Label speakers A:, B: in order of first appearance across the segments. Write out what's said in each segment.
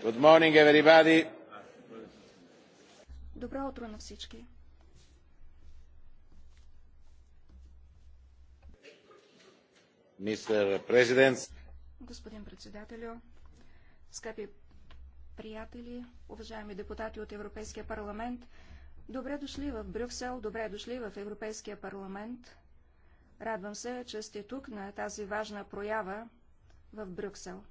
A: Good morning, everybody.
B: Добро утро на всички. Господин председателю, скъпи приятели, уважаеми депутати от Европейския парламент, добре дошли в Брюксел, добре дошли в Европейския парламент. Радвам се, че сте тук на тази важна проява в Брюксел.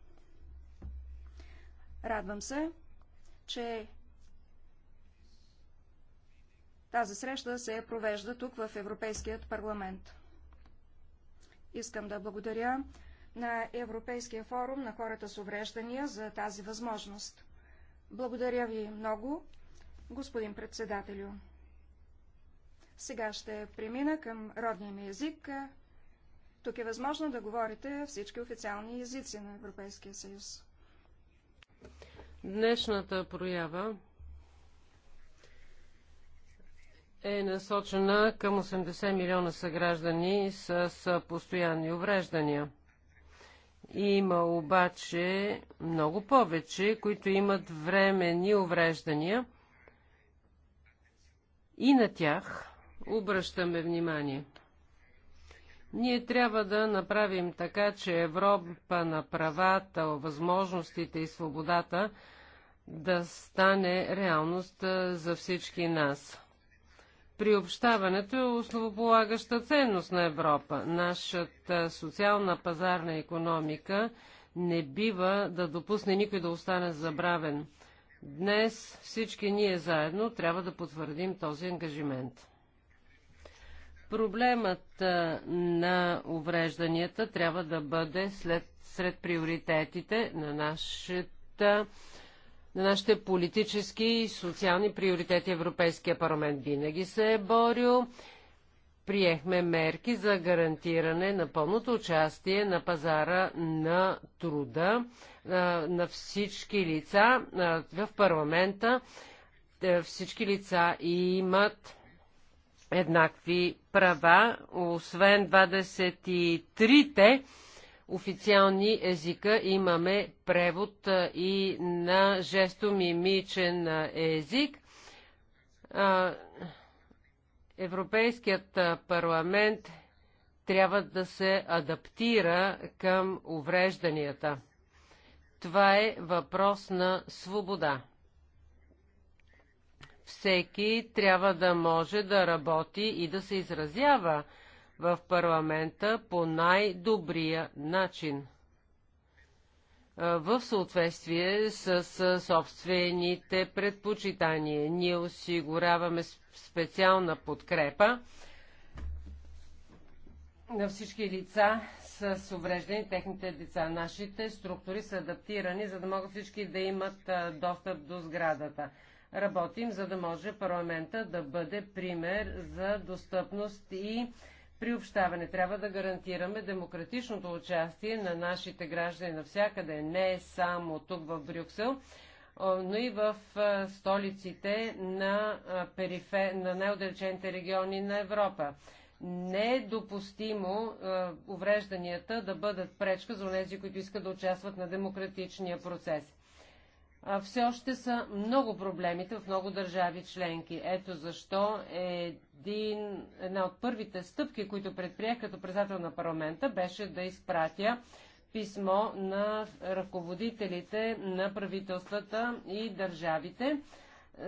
B: Радвам се, че тази среща се провежда тук в Европейският парламент. Искам да благодаря на Европейския форум на хората с увреждания за тази възможност. Благодаря ви много, господин председателю. Сега ще премина към родния ми език. Тук е възможно да говорите всички официални езици на Европейския съюз.
C: Днешната проява е насочена към 80 милиона съграждани с постоянни увреждания. Има обаче много повече, които имат временни увреждания и на тях обръщаме внимание. Ние трябва да направим така, че Европа на правата, възможностите и свободата да стане реалност за всички нас. Приобщаването е основополагаща ценност на Европа. Нашата социална пазарна економика не бива да допусне никой да остане забравен. Днес всички ние заедно трябва да потвърдим този ангажимент. Проблемът на уврежданията трябва да бъде след, сред приоритетите на, нашата, на нашите политически и социални приоритети. Европейския парламент винаги се е борил. Приехме мерки за гарантиране на пълното участие на пазара на труда на всички лица в парламента. Всички лица имат еднакви права, освен 23-те официални езика имаме превод и на жестомимичен език. Европейският парламент трябва да се адаптира към уврежданията. Това е въпрос на свобода всеки трябва да може да работи и да се изразява в парламента по най-добрия начин в съответствие с, собствените предпочитания. Ние осигуряваме специална подкрепа на всички лица с увреждани, техните деца. Нашите структури са адаптирани, за да могат всички да имат достъп до сградата. Работим, за да може парламента да бъде пример за достъпност и приобщаване. Трябва да гарантираме демократичното участие на нашите граждани навсякъде, не само тук в Брюксел, но и в столиците на, перифе... на най-отдалечените региони на Европа. Не е допустимо е, уврежданията да бъдат пречка за тези, които искат да участват на демократичния процес все още са много проблемите в много държави членки. Ето защо е един, една от първите стъпки, които предприех като председател на парламента, беше да изпратя писмо на ръководителите на правителствата и държавите,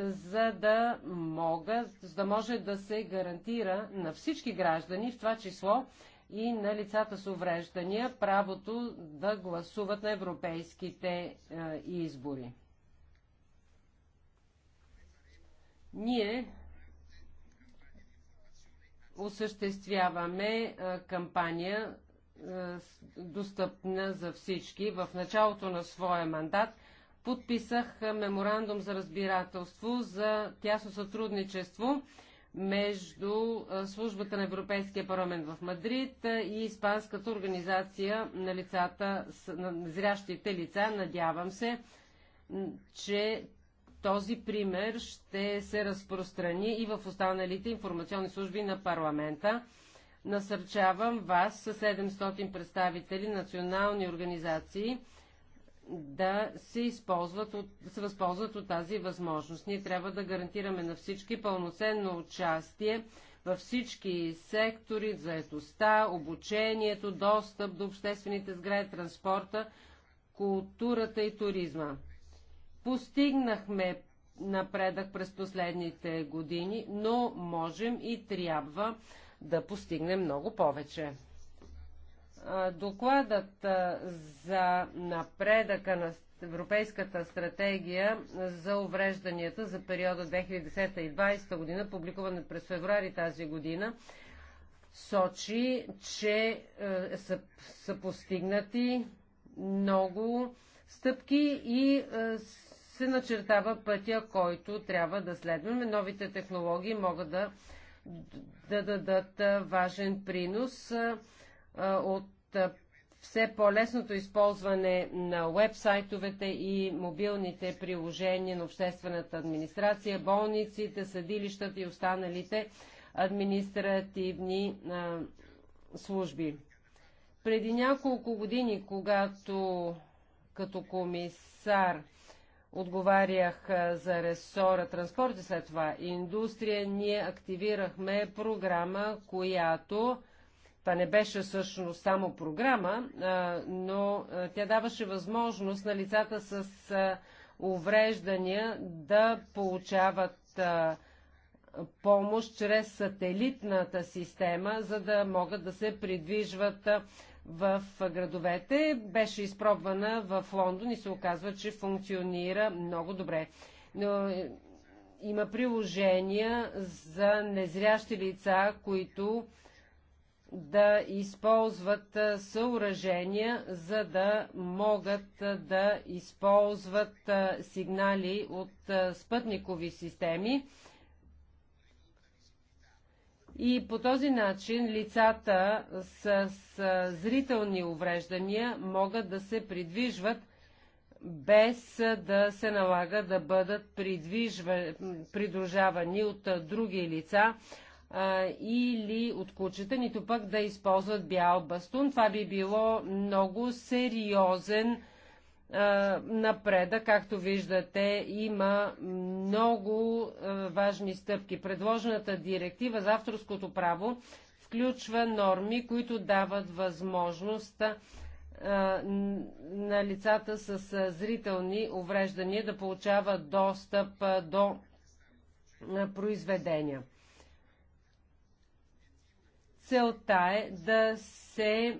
C: за да, мога, за да може да се гарантира на всички граждани, в това число и на лицата с увреждания, правото да гласуват на европейските е, избори. Ние осъществяваме е, кампания е, достъпна за всички. В началото на своя мандат подписах е, меморандум за разбирателство за тясно сътрудничество между службата на Европейския парламент в Мадрид и Испанската организация на лицата, на зрящите лица. Надявам се, че този пример ще се разпространи и в останалите информационни служби на парламента. Насърчавам вас с 700 представители национални организации да се, използват от, да се възползват от тази възможност. Ние трябва да гарантираме на всички пълноценно участие във всички сектори, заетостта, обучението, достъп до обществените сгради, транспорта, културата и туризма. Постигнахме напредък през последните години, но можем и трябва да постигнем много повече. Докладът за напредъка на Европейската стратегия за уврежданията за периода 2010 и 2020 година, публикуван е през февруари тази година, сочи, че е, са, са постигнати много стъпки и е, се начертава пътя, който трябва да следваме. Новите технологии могат да, да дадат важен принос от все по-лесното използване на вебсайтовете и мобилните приложения на обществената администрация, болниците, съдилищата и останалите административни служби. Преди няколко години, когато като комисар отговарях за ресора транспорт и след това индустрия, ние активирахме програма, която това не беше всъщност само програма, но тя даваше възможност на лицата с увреждания да получават помощ чрез сателитната система, за да могат да се придвижват в градовете. Беше изпробвана в Лондон и се оказва, че функционира много добре. Но е, има приложения за незрящи лица, които да използват е, съоръжения, за да могат е, да използват сигнали от спътникови системи и по този начин лицата с, с зрителни увреждания могат да се придвижват без да се налага да бъдат придружавани от други лица а, или от кучета, нито пък да използват бял бастун. Това би било много сериозен напреда. Както виждате, има много важни стъпки. Предложената директива за авторското право включва норми, които дават възможност на лицата с зрителни увреждания да получават достъп до произведения. Целта е да се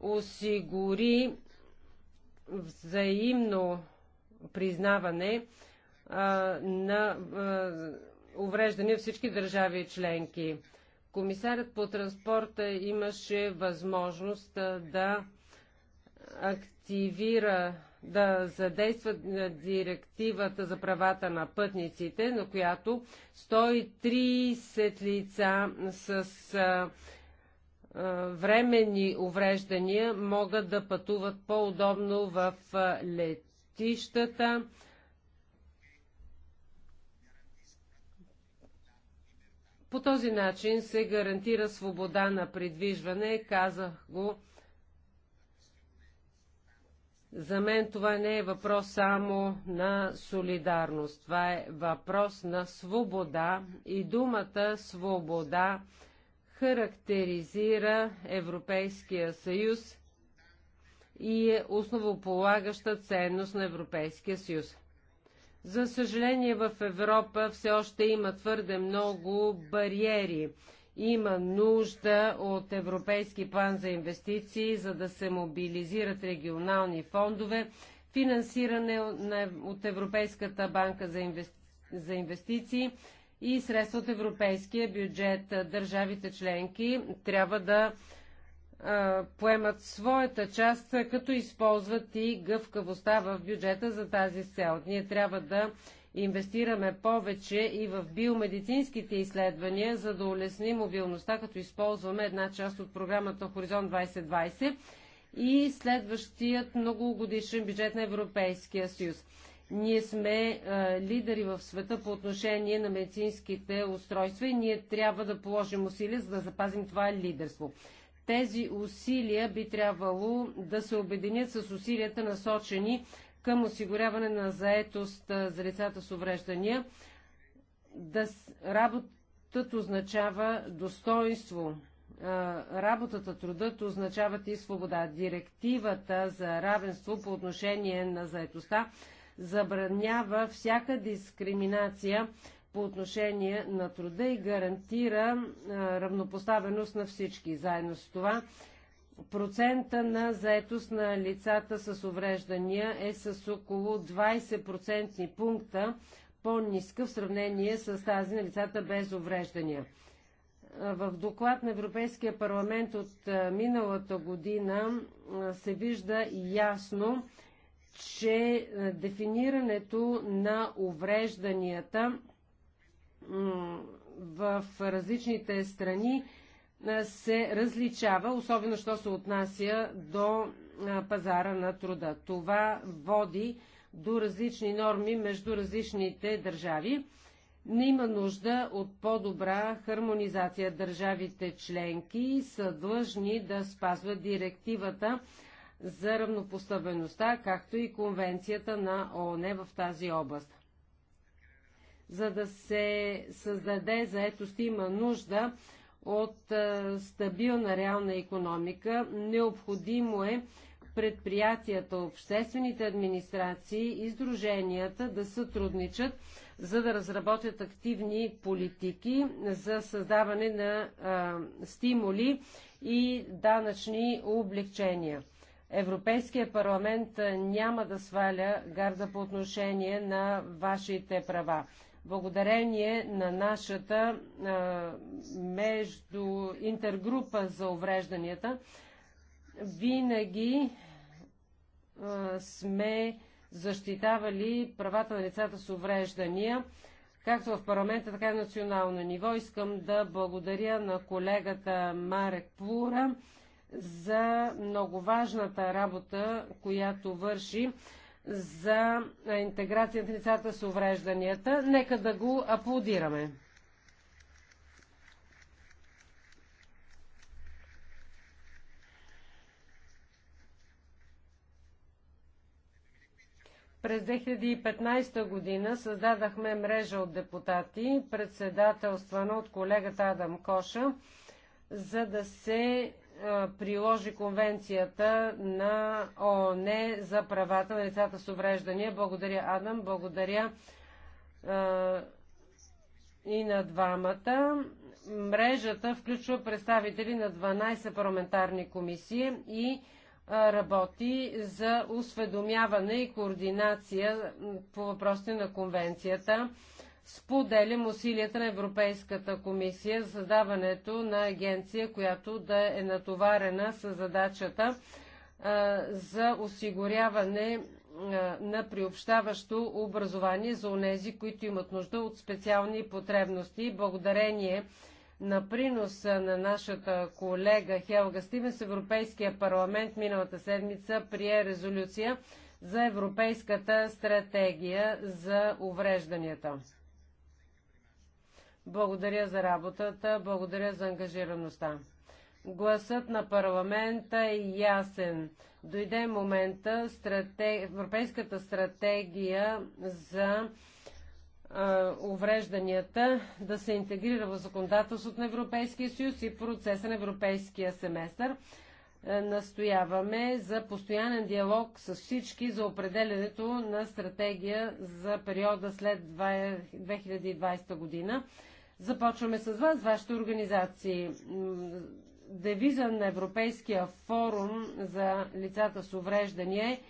C: осигури взаимно признаване а, на а, в всички държави членки. Комисарят по транспорта имаше възможност да активира, да задейства директивата за правата на пътниците, на която 130 лица с а, е, временни увреждания могат да пътуват по-удобно в е, летищата. По този начин се гарантира свобода на придвижване, казах го. За мен това не е въпрос само на солидарност, това е въпрос на свобода и думата свобода характеризира Европейския съюз и е основополагаща ценност на Европейския съюз. За съжаление в Европа все още има твърде много бариери. Има нужда от Европейски план за инвестиции, за да се мобилизират регионални фондове, финансиране от Европейската банка за инвестиции и средства от европейския бюджет. Държавите членки трябва да поемат своята част, като използват и гъвкавостта в бюджета за тази цел. Ние трябва да инвестираме повече и в биомедицинските изследвания, за да улесним мобилността, като използваме една част от програмата Хоризонт 2020 и следващият многогодишен бюджет на Европейския съюз. Ние сме а, лидери в света по отношение на медицинските устройства и ние трябва да положим усилия, за да запазим това лидерство. Тези усилия би трябвало да се обединят с усилията насочени към осигуряване на заетост за лицата с увреждания. Да, работът означава достоинство, работата, трудът означават и свобода. Директивата за равенство по отношение на заетостта забранява всяка дискриминация по отношение на труда и гарантира равнопоставеност на всички. Заедно с това процента на заетост на лицата с увреждания е с около 20% пункта по-ниска в сравнение с тази на лицата без увреждания. В доклад на Европейския парламент от миналата година се вижда ясно че е, дефинирането на уврежданията в различните страни е, се различава, особено що се отнася до е, пазара на труда. Това води до различни норми между различните държави. Не има нужда от по-добра хармонизация. Държавите членки са длъжни да спазват директивата за равнопоставеността, както и конвенцията на ООН в тази област. За да се създаде заетост има нужда от стабилна реална економика. Необходимо е предприятията, обществените администрации и сдруженията да сътрудничат, за да разработят активни политики за създаване на а, стимули и данъчни облегчения. Европейския парламент няма да сваля гарда по отношение на вашите права. Благодарение на нашата а, между интергрупа за уврежданията, винаги а, сме защитавали правата на лицата с увреждания, както в парламента, така и на национално ниво. Искам да благодаря на колегата Марек Плура, за много важната работа, която върши за интеграция на лицата с уврежданията. Нека да го аплодираме. През 2015 година създадахме мрежа от депутати, председателствана от колегата Адам Коша, за да се приложи конвенцията на ООН за правата на лицата с увреждания. Благодаря, Адам. Благодаря и на двамата. Мрежата включва представители на 12 парламентарни комисии и работи за осведомяване и координация по въпросите на конвенцията. Споделим усилията на Европейската комисия за създаването на агенция, която да е натоварена с задачата за осигуряване на приобщаващо образование за онези, които имат нужда от специални потребности. Благодарение на приноса на нашата колега Хелга Стивенс, Европейския парламент миналата седмица прие резолюция за Европейската стратегия за уврежданията. Благодаря за работата, благодаря за ангажираността. Гласът на парламента е ясен. Дойде момента стратег... Европейската стратегия за уврежданията да се интегрира в законодателството на Европейския съюз и процеса на Европейския семестър. Е, настояваме за постоянен диалог с всички за определенето на стратегия за периода след 2020 година. Започваме с вас, вашите организации. Девиза на Европейския форум за лицата с увреждания е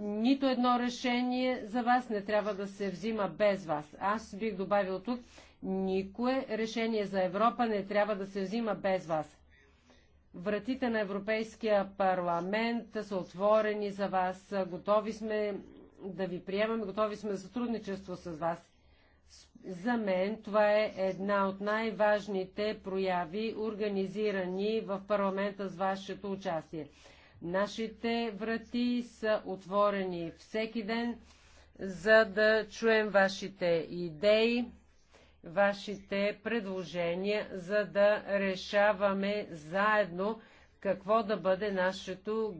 C: нито едно решение за вас не трябва да се взима без вас. Аз бих добавил тук, никое решение за Европа не трябва да се взима без вас. Вратите на Европейския парламент са отворени за вас. Готови сме да ви приемаме, готови сме за сътрудничество с вас. За мен това е една от най-важните прояви, организирани в парламента с вашето участие. Нашите врати са отворени всеки ден, за да чуем вашите идеи, вашите предложения, за да решаваме заедно какво да бъде нашето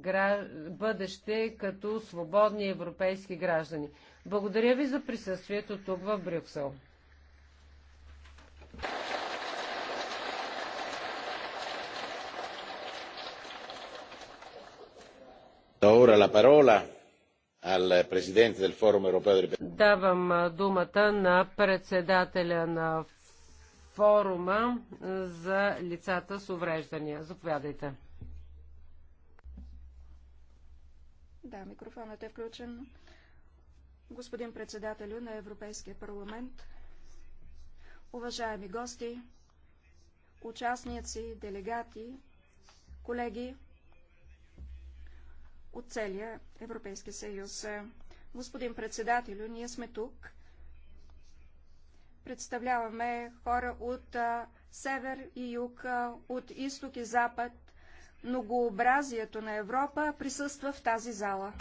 C: бъдеще като свободни европейски граждани. Благодаря ви за присъствието тук в Брюксел. Давам думата на председателя на форума за лицата с увреждания. Заповядайте.
B: Да, микрофонът е включен. Господин председателю на Европейския парламент, уважаеми гости, участници, делегати, колеги, от целия Европейски съюз. Господин председателю, ние сме тук. Представляваме хора от а, север и юг, а, от изток и запад. Многообразието на Европа присъства в тази зала.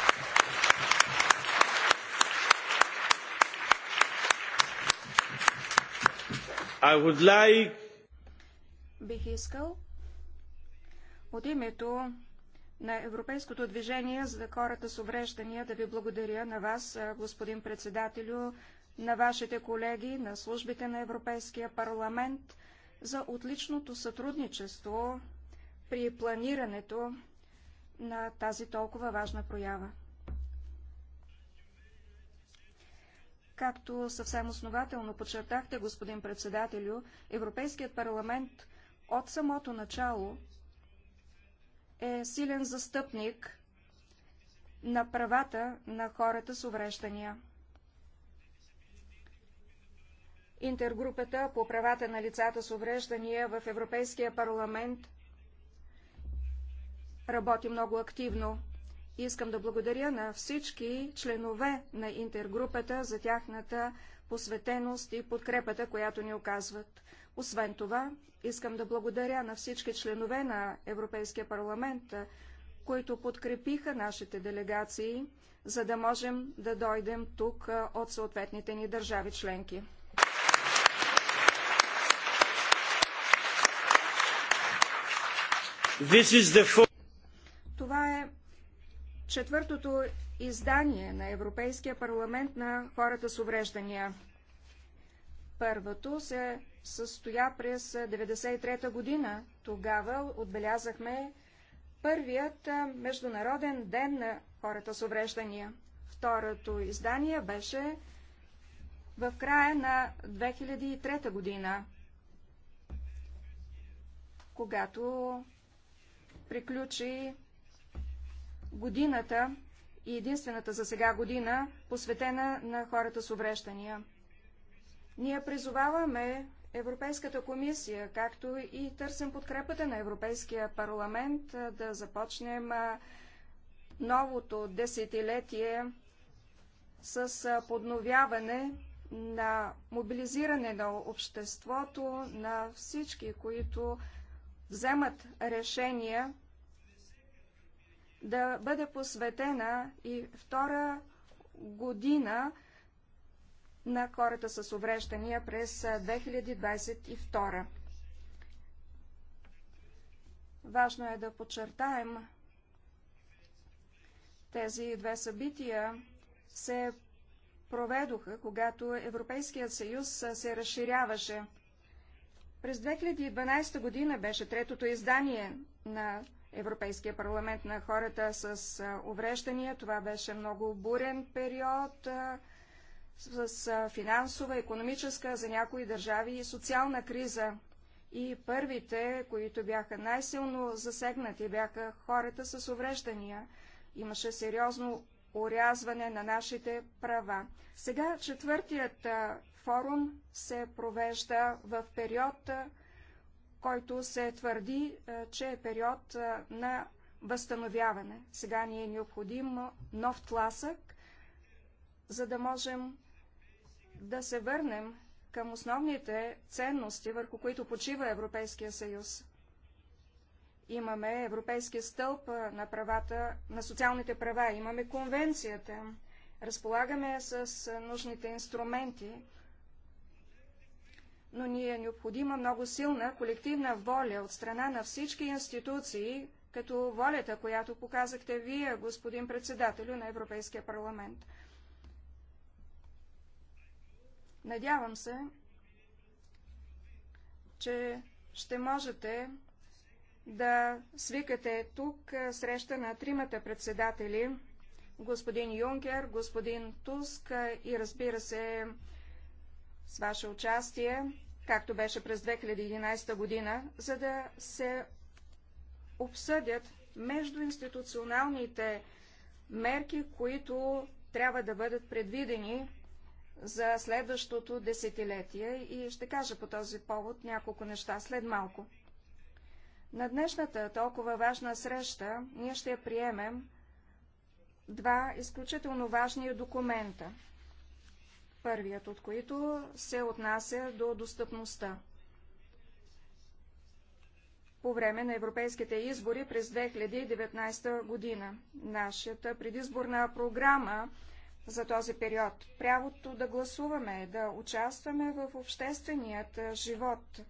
C: I would like...
B: Бих искал от името на Европейското движение за хората с увреждания да ви благодаря на вас, господин председателю, на вашите колеги, на службите на Европейския парламент за отличното сътрудничество при планирането на тази толкова важна проява. Както съвсем основателно подчертахте, господин председателю, Европейският парламент от самото начало е силен застъпник на правата на хората с увреждания. Интергрупата по правата на лицата с увреждания в Европейския парламент работи много активно. Искам да благодаря на всички членове на интергрупата за тяхната посветеност и подкрепата, която ни оказват. Освен това, искам да благодаря на всички членове на Европейския парламент, които подкрепиха нашите делегации, за да можем да дойдем тук от съответните ни държави членки.
A: The
B: четвъртото издание на Европейския парламент на хората с увреждания. Първото се състоя през 1993 година. Тогава отбелязахме първият Международен ден на хората с увреждания. Второто издание беше в края на 2003 година, когато приключи годината и единствената за сега година, посветена на хората с увреждания. Ние призоваваме Европейската комисия, както и търсим подкрепата на Европейския парламент да започнем новото десетилетие с подновяване на мобилизиране на обществото, на всички, които вземат решения да бъде посветена и втора година на хората с увреждания през 2022. Важно е да подчертаем тези две събития се проведоха, когато Европейският съюз се разширяваше. През 2012 година беше третото издание на Европейския парламент на хората с увреждания. Това беше много бурен период с финансова, економическа, за някои държави и социална криза. И първите, които бяха най-силно засегнати, бяха хората с увреждания. Имаше сериозно урязване на нашите права. Сега четвъртият форум се провежда в период който се твърди, е, че е период е, на възстановяване. Сега ни е необходим нов тласък, за да можем да се върнем към основните ценности, върху които почива Европейския съюз. Имаме Европейския стълб е, на, правата, на социалните права, имаме конвенцията, разполагаме с нужните инструменти, но ни е необходима много силна колективна воля от страна на всички институции, като волята, която показахте вие, господин председателю на Европейския парламент. Надявам се, че ще можете да свикате тук е, среща на тримата председатели, господин Юнкер, господин Туск е, и разбира се, с ваше участие, както беше през 2011 година, за да се обсъдят междуинституционалните мерки, които трябва да бъдат предвидени за следващото десетилетие и ще кажа по този повод няколко неща след малко. На днешната толкова важна среща ние ще приемем два изключително важни документа първият от които се отнася до достъпността. По време на европейските избори през 2019 година нашата предизборна програма за този период, правото да гласуваме, да участваме в общественият живот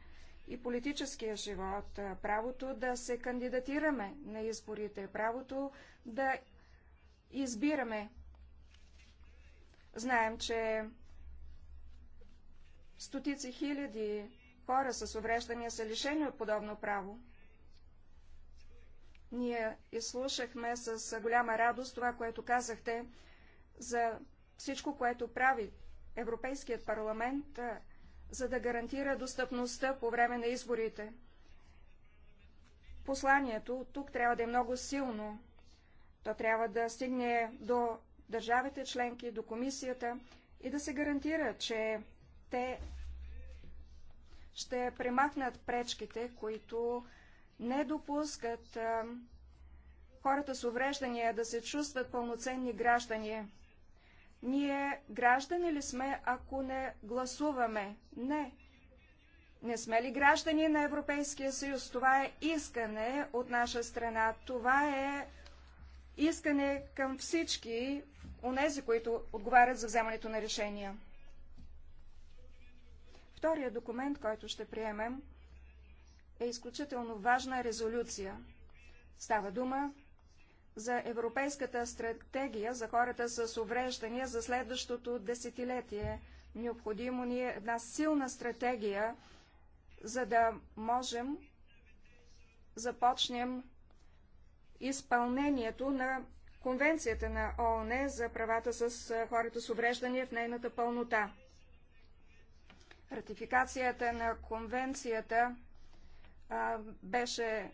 B: и политическия живот, правото да се кандидатираме на изборите, правото да избираме Знаем, че стотици хиляди хора с увреждания са лишени от подобно право. Ние изслушахме с голяма радост това, което казахте за всичко, което прави Европейският парламент, за да гарантира достъпността по време на изборите. Посланието тук трябва да е много силно. То трябва да стигне до държавите членки, до комисията и да се гарантира, че те ще премахнат пречките, които не допускат хората с увреждания да се чувстват пълноценни граждани. Ние граждани ли сме, ако не гласуваме? Не. Не сме ли граждани на Европейския съюз? Това е искане от наша страна. Това е искане към всички онези, които отговарят за вземането на решения. Втория документ, който ще приемем, е изключително важна резолюция. Става дума за Европейската стратегия за хората с увреждания за следващото десетилетие. Необходимо ни е една силна стратегия, за да можем започнем изпълнението на Конвенцията на ООН за правата с хората с увреждания в нейната пълнота. Ратификацията на конвенцията а, беше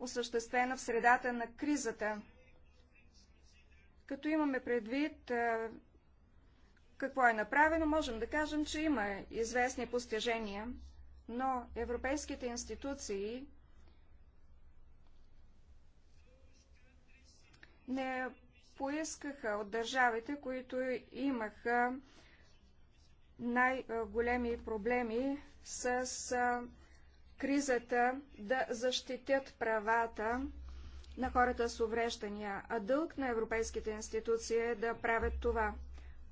B: осъществена в средата на кризата. Като имаме предвид а, какво е направено, можем да кажем, че има известни постижения, но европейските институции не поискаха от държавите, които имаха най-големи проблеми с кризата да защитят правата на хората с увреждания, а дълг на европейските институции е да правят това.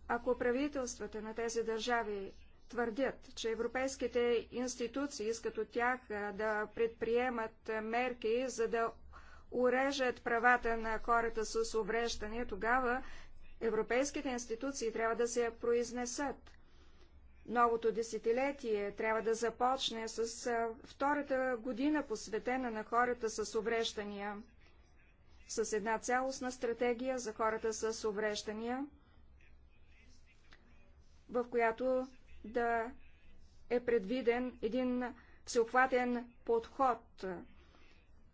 B: Ако правителствата на тези държави твърдят, че европейските институции искат от тях да предприемат мерки, за да урежат правата на хората с увреждане, тогава европейските институции трябва да се произнесат. Новото десетилетие трябва да започне с втората година, посветена на хората с увреждания, с една цялостна стратегия за хората с увреждания, в която да е предвиден един всеобхватен подход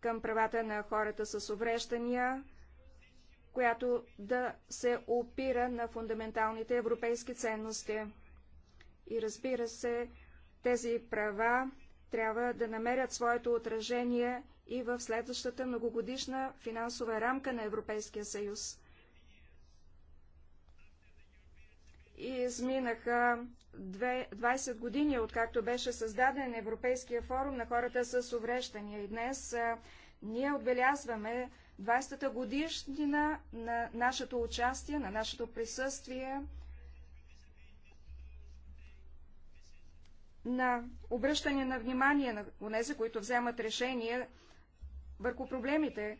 B: към правата на хората с увреждания, която да се опира на фундаменталните европейски ценности. И разбира се, тези права трябва да намерят своето отражение и в следващата многогодишна финансова рамка на Европейския съюз. изминаха 20 години, откакто беше създаден Европейския форум на хората с увреждания. И днес ние отбелязваме 20-та годишнина на нашето участие, на нашето присъствие, на обръщане на внимание на тези, които вземат решение върху проблемите,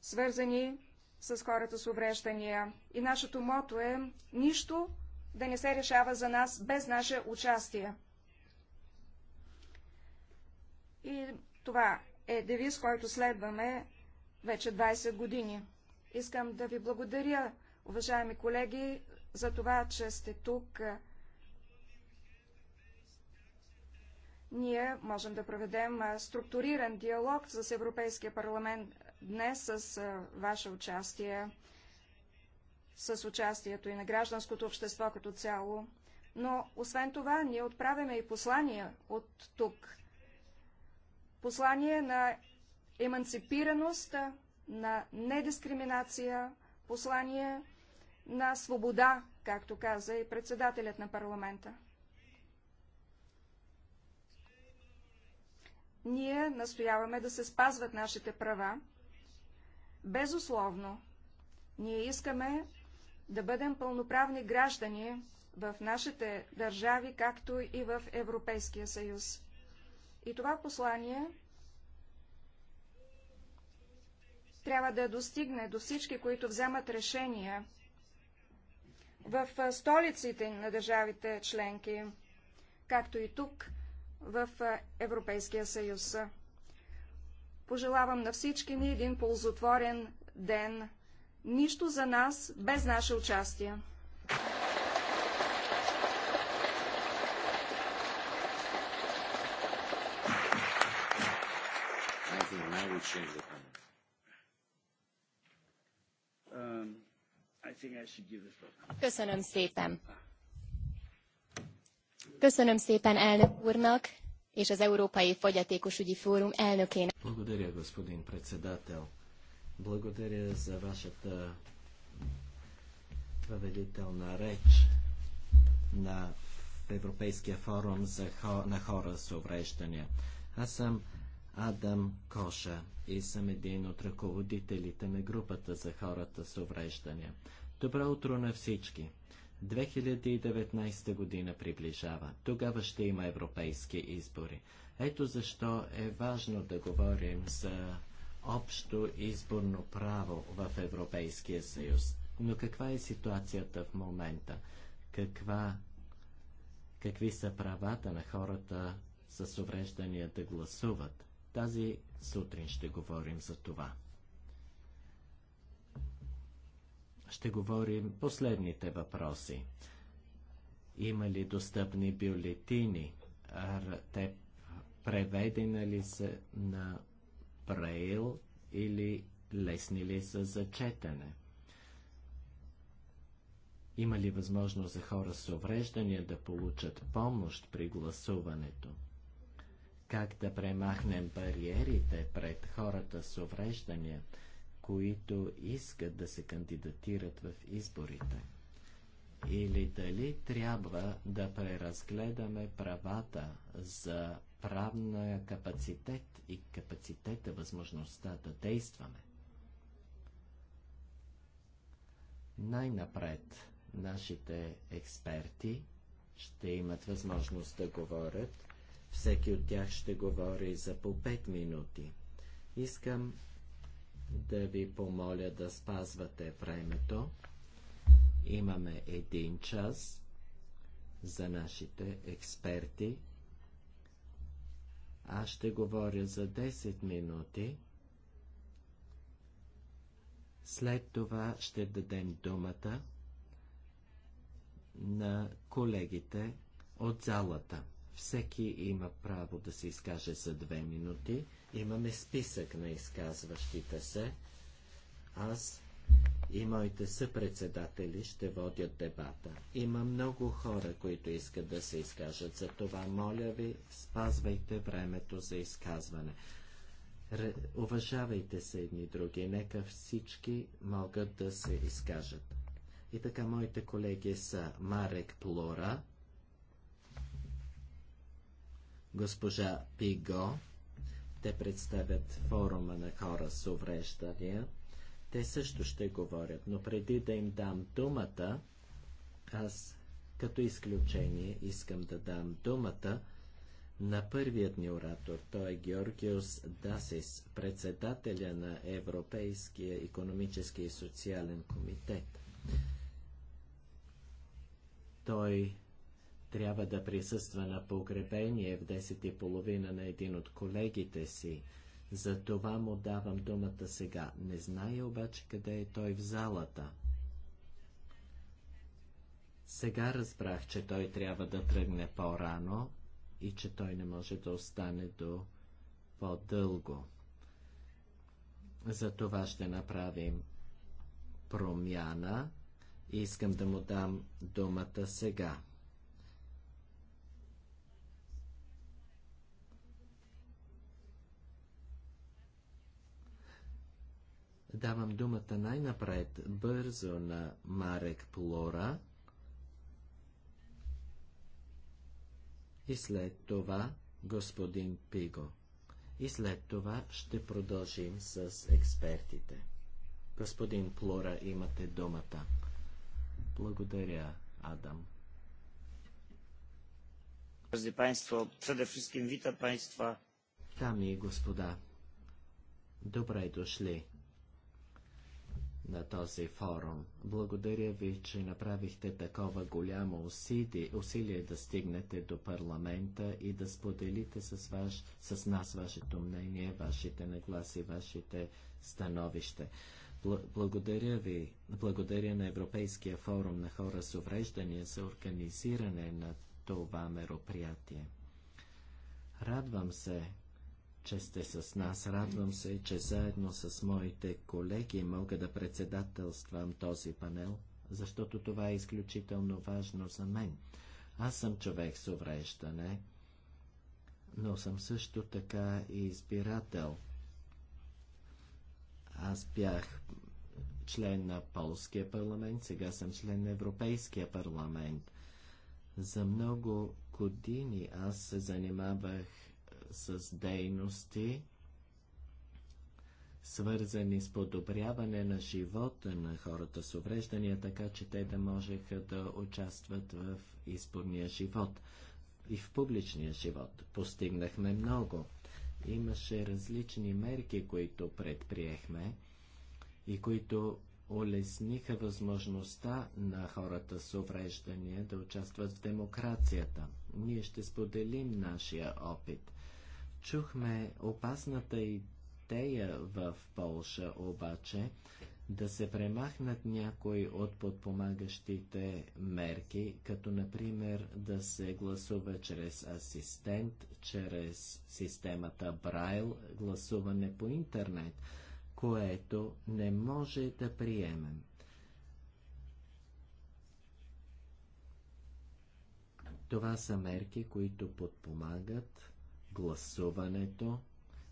B: свързани с хората с увреждания. И нашето мото е нищо да не се решава за нас без наше участие. И това е девиз, който следваме вече 20 години. Искам да ви благодаря, уважаеми колеги, за това, че сте тук. Ние можем да проведем структуриран диалог с Европейския парламент днес с ваше участие с участието и на гражданското общество като цяло. Но освен това, ние отправяме и послания от тук. Послание на еманципираност, на недискриминация, послание на свобода, както каза и председателят на парламента. Ние настояваме да се спазват нашите права. Безусловно, ние искаме да бъдем пълноправни граждани в нашите държави, както и в Европейския съюз. И това послание трябва да достигне до всички, които вземат решения в столиците на държавите членки, както и тук в Европейския съюз. Пожелавам на всички ни един ползотворен ден нищо за нас без наше участие.
A: Köszönöm szépen. Köszönöm szépen elnök úrnak
B: és az Európai Fogyatékosügyi Fórum elnökének.
A: Благодаря, господин председател. Благодаря за вашата въведителна реч на Европейския форум за хо, на хора с увреждания. Аз съм Адам Коша и съм един от ръководителите на групата за хората с увреждания. Добро утро на всички! 2019 година приближава. Тогава ще има европейски избори. Ето защо е важно да говорим за общо изборно право в Европейския съюз. Но каква е ситуацията в момента? Каква, какви са правата на хората с увреждания да гласуват? Тази сутрин ще говорим за това. Ще говорим последните въпроси. Има ли достъпни бюлетини? Те преведени ли са на прейл или лесни ли са за четене? Има ли възможност за хора с увреждания да получат помощ при гласуването? Как да премахнем бариерите пред хората с увреждания, които искат да се кандидатират в изборите? Или дали трябва да преразгледаме правата за правния капацитет и капацитета, възможността да действаме. Най-напред нашите експерти ще имат възможност да говорят. Всеки от тях ще говори за по 5 минути. Искам да ви помоля да спазвате времето. Имаме един час за нашите експерти аз ще говоря за 10 минути. След това ще дадем думата на колегите от залата. Всеки има право да се изкаже за две минути. Имаме списък на изказващите се. Аз и моите съпредседатели ще водят дебата. Има много хора, които искат да се изкажат. За това моля ви, спазвайте времето за изказване. Ре... Уважавайте се едни други. Нека всички могат да се изкажат. И така, моите колеги са Марек Плора, госпожа Пиго, те представят форума на хора с увреждания, те също ще говорят, но преди да им дам думата, аз като изключение искам да дам думата на първият ни оратор. Той е Георгиос Дасис, председателя на Европейския економически и социален комитет. Той трябва да присъства на погребение в 10.30 на един от колегите си. За това му давам думата сега. Не зная обаче къде е той в залата. Сега разбрах, че той трябва да тръгне по-рано и че той не може да остане до по-дълго. За това ще направим промяна и искам да му дам думата сега. Давам думата най-напред бързо на Марек Плора и след това господин Пиго. И след това ще продължим с експертите. Господин Плора, имате думата. Благодаря, Адам. Здравейте, панство. przede всички, вита, панства. Дами и господа, добре дошли на този форум. Благодаря ви, че направихте такова голямо усилие, усилие да стигнете до парламента и да споделите с, ваш, с нас вашето мнение, вашите нагласи, вашите становище. Благодаря ви, благодаря на Европейския форум на хора с увреждания за организиране на това мероприятие. Радвам се, че сте с нас. Радвам се, че заедно с моите колеги мога да председателствам този панел, защото това е изключително важно за мен. Аз съм човек с увреждане, но съм също така и избирател. Аз бях член на Полския парламент, сега съм член на Европейския парламент. За много години аз се занимавах с дейности, свързани с подобряване на живота на хората с увреждания, така че те да можеха да участват в изборния живот и в публичния живот. Постигнахме много. Имаше различни мерки, които предприехме и които улесниха възможността на хората с увреждания да участват в демокрацията. Ние ще споделим нашия опит – Чухме опасната идея в Полша обаче да се премахнат някои от подпомагащите мерки, като например да се гласува чрез асистент, чрез системата Брайл, гласуване по интернет, което не може да приемем. Това са мерки, които подпомагат гласуването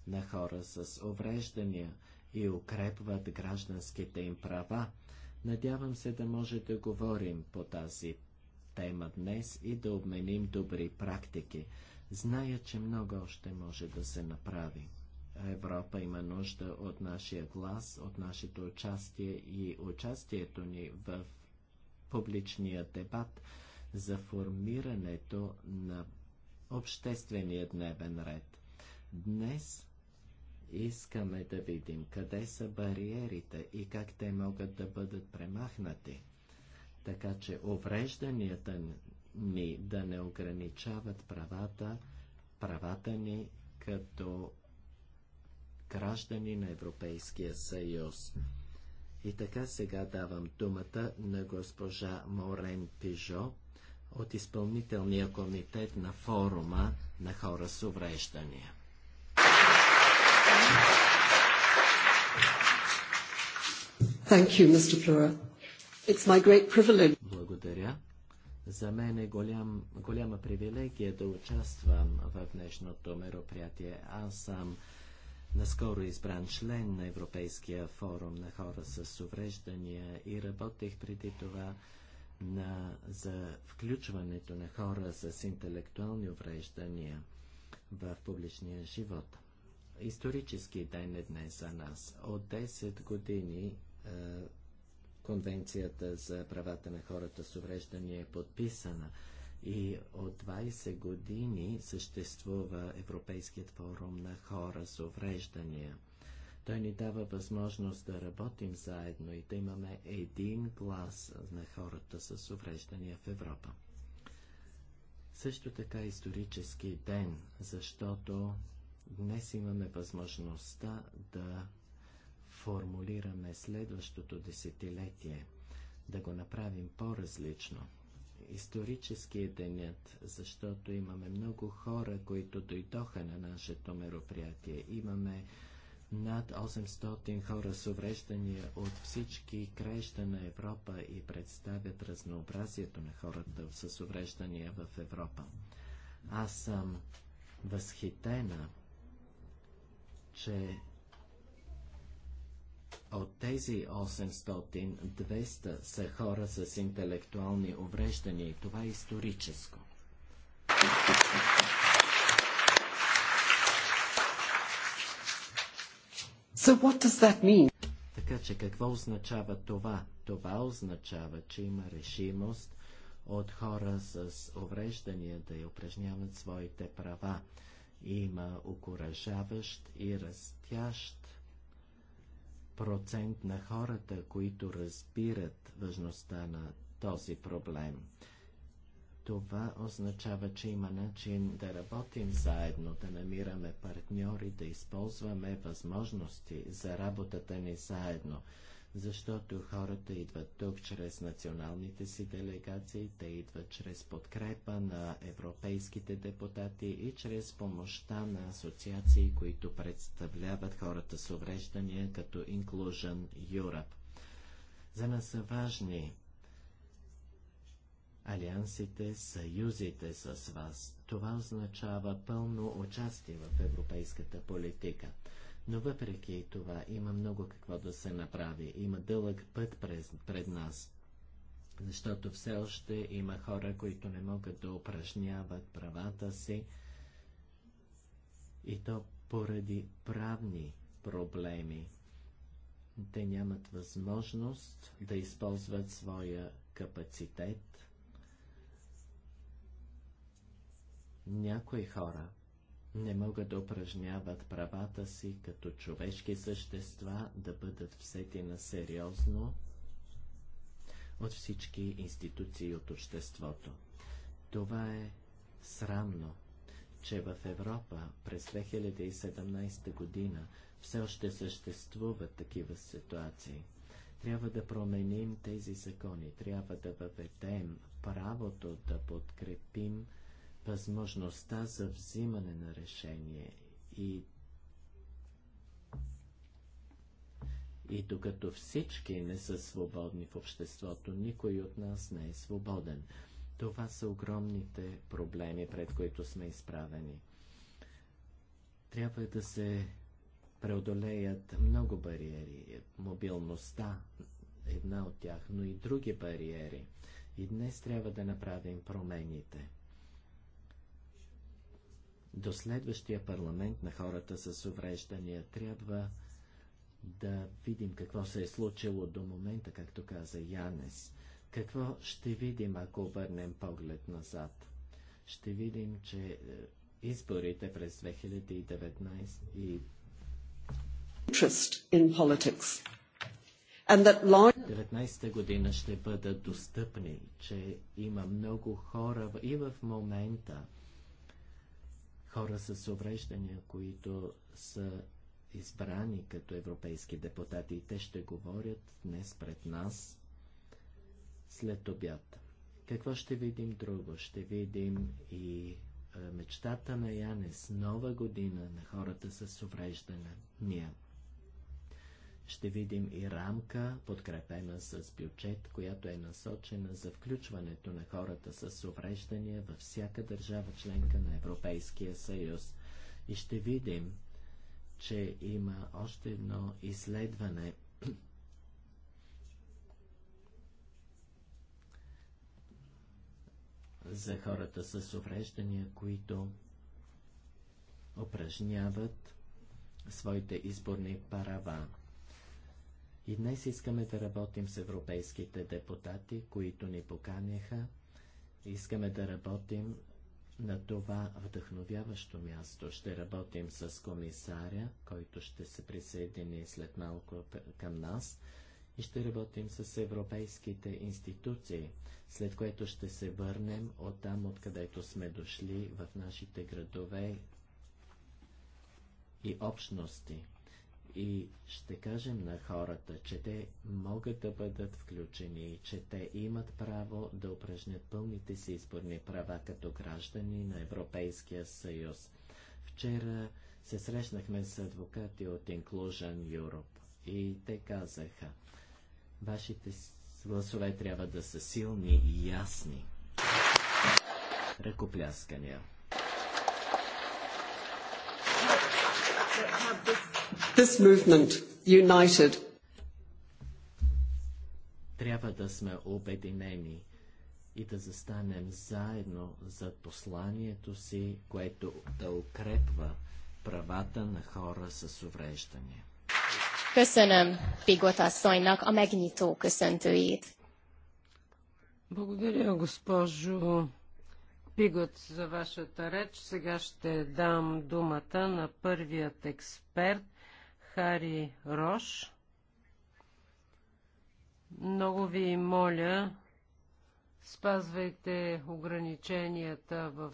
A: на хора с увреждания и укрепват гражданските им права. Надявам се да може да говорим по тази тема днес и да обменим добри практики. Зная, че много още може да се направи. Европа има нужда от нашия глас, от нашето участие и участието ни в публичния дебат за формирането на обществения дневен ред. Днес искаме да видим къде са бариерите и как те могат да бъдат премахнати, така че уврежданията ни да не ограничават правата, правата ни като граждани на Европейския съюз. И така сега давам думата на госпожа Морен Пижо, от изпълнителния комитет на форума на хора с увреждания.
C: Thank you, Mr. It's my great privilege.
A: Благодаря. За мен е голям, голяма привилегия да участвам в днешното мероприятие. Аз съм наскоро избран член на Европейския форум на хора с увреждания и работех преди това на, за включването на хора с интелектуални увреждания в публичния живот. Исторически ден е днес за нас. От 10 години е, Конвенцията за правата на хората с увреждания е подписана и от 20 години съществува Европейският форум на хора с увреждания. Той ни дава възможност да работим заедно и да имаме един глас на хората с увреждания в Европа. Също така исторически ден, защото днес имаме възможността да формулираме следващото десетилетие, да го направим по-различно. Исторически е денят, защото имаме много хора, които дойдоха на нашето мероприятие. Имаме над 800 хора с увреждания от всички краища на Европа и представят разнообразието на хората с увреждания в Европа. Аз съм възхитена, че от тези 800, 200 са хора с интелектуални увреждания и това е историческо.
C: So what does that mean?
A: Така че какво означава това? Това означава, че има решимост от хора с увреждания да я упражняват своите права. Има окоръжаващ и растящ процент на хората, които разбират важността на този проблем. Това означава, че има начин да работим заедно, да намираме партньори, да използваме възможности за работата ни заедно, защото хората идват тук чрез националните си делегации, те идват чрез подкрепа на европейските депутати и чрез помощта на асоциации, които представляват хората с увреждания като Inclusion Europe. За нас са важни алиансите, съюзите с вас. Това означава пълно участие в европейската политика. Но въпреки това има много какво да се направи. Има дълъг път през, пред нас. Защото все още има хора, които не могат да упражняват правата си. И то поради правни проблеми. Те нямат възможност да използват своя капацитет Някои хора не могат да упражняват правата си като човешки същества, да бъдат взети на сериозно от всички институции от обществото. Това е срамно, че в Европа през 2017 година все още съществуват такива ситуации. Трябва да променим тези закони, трябва да въведем правото да подкрепим възможността за взимане на решение и И докато всички не са свободни в обществото, никой от нас не е свободен. Това са огромните проблеми, пред които сме изправени. Трябва да се преодолеят много бариери. Мобилността е една от тях, но и други бариери. И днес трябва да направим промените до следващия парламент на хората с увреждания. Трябва да видим какво се е случило до момента, както каза Янес. Какво ще видим, ако обърнем поглед назад? Ще видим, че е, изборите през 2019 и 19 година ще бъдат достъпни, че има много хора и в момента, хора с увреждания, които са избрани като европейски депутати и те ще говорят днес пред нас след обяд. Какво ще видим друго? Ще видим и е, мечтата на Янес, нова година на хората с увреждания ще видим и рамка, подкрепена с бюджет, която е насочена за включването на хората с увреждания във всяка държава членка на Европейския съюз. И ще видим, че има още едно изследване, за хората с увреждания, които упражняват своите изборни права. И днес искаме да работим с европейските депутати, които ни поканяха. Искаме да работим на това вдъхновяващо място. Ще работим с комисаря, който ще се присъедини след малко към нас и ще работим с европейските институции, след което ще се върнем от там, откъдето сме дошли в нашите градове и общности и ще кажем на хората, че те могат да бъдат включени, че те имат право да упражнят пълните си изборни права като граждани на Европейския съюз. Вчера се срещнахме с адвокати от Inclusion Europe и те казаха, вашите гласове трябва да са силни и ясни. Ръкопляскания.
C: This movement united.
A: Трябва да сме обединени и да застанем заедно за посланието си, което да укрепва правата на хора с увреждания. Köszönöm Pigot asszonynak a megnyitó köszöntőjét.
C: Благодаря, госпожо Пигот, за вашата реч. Сега ще дам думата на първият експерт, Хари Рош. Много ви моля, спазвайте ограниченията в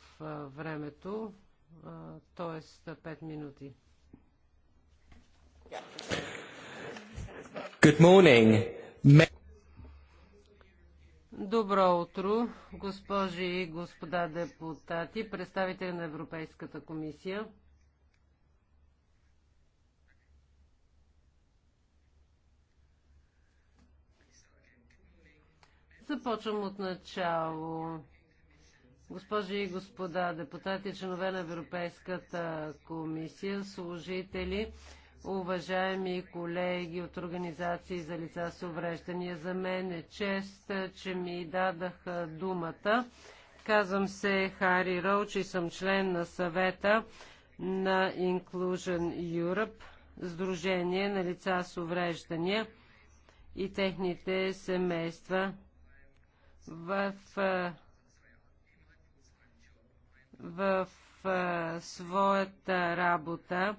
C: времето, т.е. 5 минути.
A: Good morning.
C: Добро утро, госпожи и господа депутати, представители на Европейската комисия. Започвам от начало. Госпожи и господа депутати, членове на Европейската комисия, служители, уважаеми колеги от Организации за лица с увреждания, за мен е чест, че ми дадаха думата. Казвам се Хари Роуч и съм член на съвета на Inclusion Europe, Сдружение на лица с увреждания и техните семейства – в, в, в своята работа.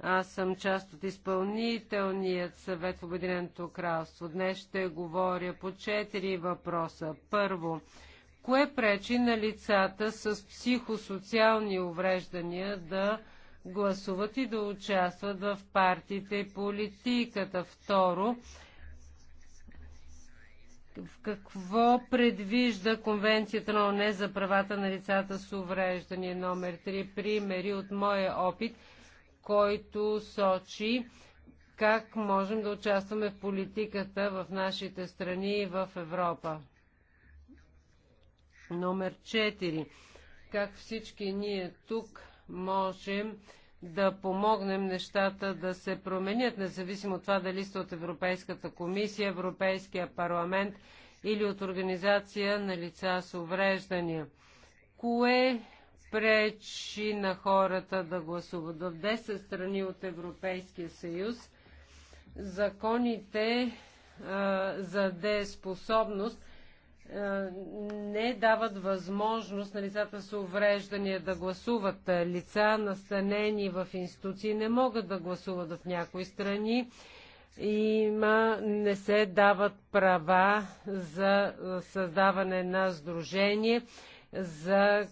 C: Аз съм част от изпълнителният съвет в Обединеното кралство. Днес ще говоря по четири въпроса. Първо, кое пречи на лицата с психосоциални увреждания да гласуват и да участват в партиите и политиката? Второ, какво предвижда Конвенцията на ОНЕ за правата на лицата с увреждане номер 3? Примери от моя опит, който сочи как можем да участваме в политиката в нашите страни и в Европа. Номер 4. Как всички ние тук можем да помогнем нещата да се променят, независимо от това дали сте от Европейската комисия, Европейския парламент или от Организация на лица с увреждания. Кое пречи на хората да гласуват? В 10 страни от Европейския съюз законите а, за дееспособност – е, не дават възможност на лицата с увреждания да гласуват. Е, лица, настанени в институции, не могат да гласуват в някои страни. Има, не се дават права за е, създаване на сдружение, за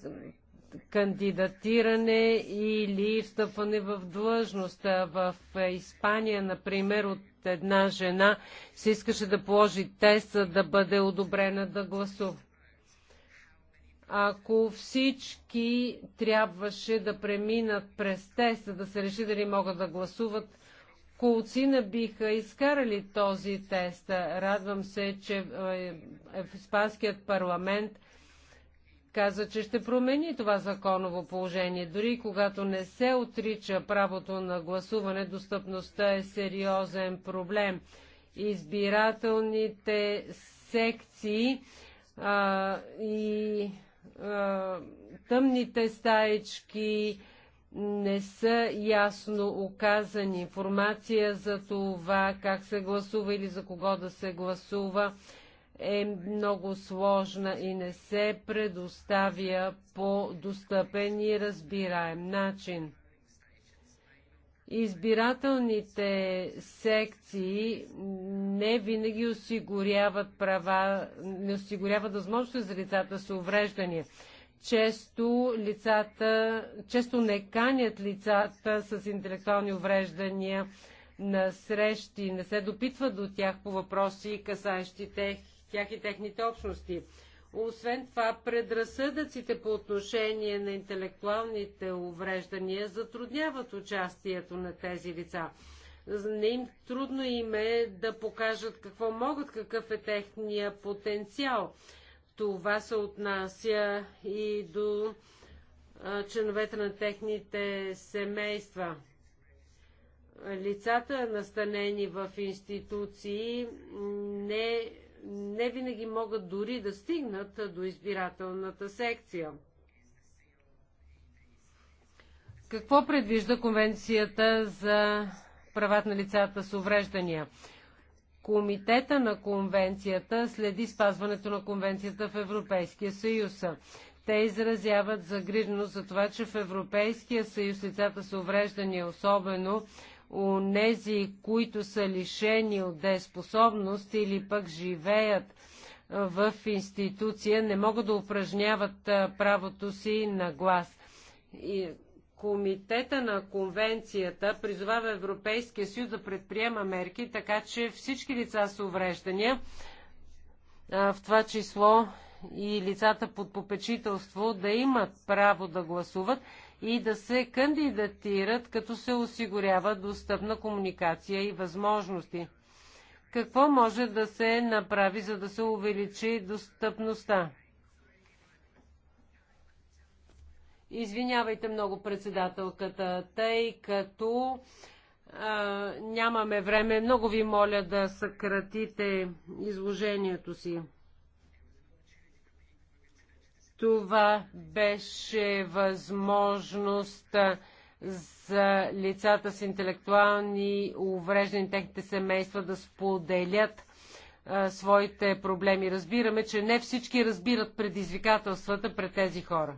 C: кандидатиране или встъпване в длъжност. В Испания, например, от една жена се искаше да положи тест, за да бъде одобрена да гласува. Ако всички трябваше да преминат през тест, за да се реши дали могат да гласуват, колцина биха изкарали този тест. Радвам се, че е, е, Испанският парламент – каза, че ще промени това законово положение. Дори когато не се отрича правото на гласуване, достъпността е сериозен проблем. Избирателните секции а, и а, тъмните стаечки не са ясно оказани. Информация за това как се гласува или за кого да се гласува е много сложна и не се предоставя по достъпен и разбираем начин. Избирателните секции не винаги осигуряват права, не осигуряват възможности за лицата с увреждания. Често, лицата, често не канят лицата с интелектуални увреждания на срещи, не се допитват до тях по въпроси, касаещи тех, тях и техните общности. Освен това, предразсъдъците по отношение на интелектуалните увреждания затрудняват участието на тези лица. Не им, трудно им е да покажат какво могат, какъв е техния потенциал. Това се отнася и до членовете на техните семейства. Лицата, настанени в институции, не не винаги могат дори да стигнат до избирателната секция. Какво предвижда Конвенцията за правата на лицата с увреждания? Комитета на конвенцията следи спазването на конвенцията в Европейския съюз. Те изразяват загриженост за това, че в Европейския съюз лицата с увреждания, особено онези, които са лишени от дееспособност или пък живеят в институция, не могат да упражняват правото си на глас. И Комитета на конвенцията призовава Европейския съюз да предприема мерки, така че всички лица с увреждания, в това число и лицата под попечителство, да имат право да гласуват и да се кандидатират, като се осигурява достъпна комуникация и възможности. Какво може да се направи, за да се увеличи достъпността? Извинявайте много председателката, тъй като а, нямаме време. Много ви моля да съкратите изложението си. Това беше възможност за лицата с интелектуални увреждани техните семейства да споделят а, своите проблеми. Разбираме, че не всички разбират предизвикателствата пред тези хора.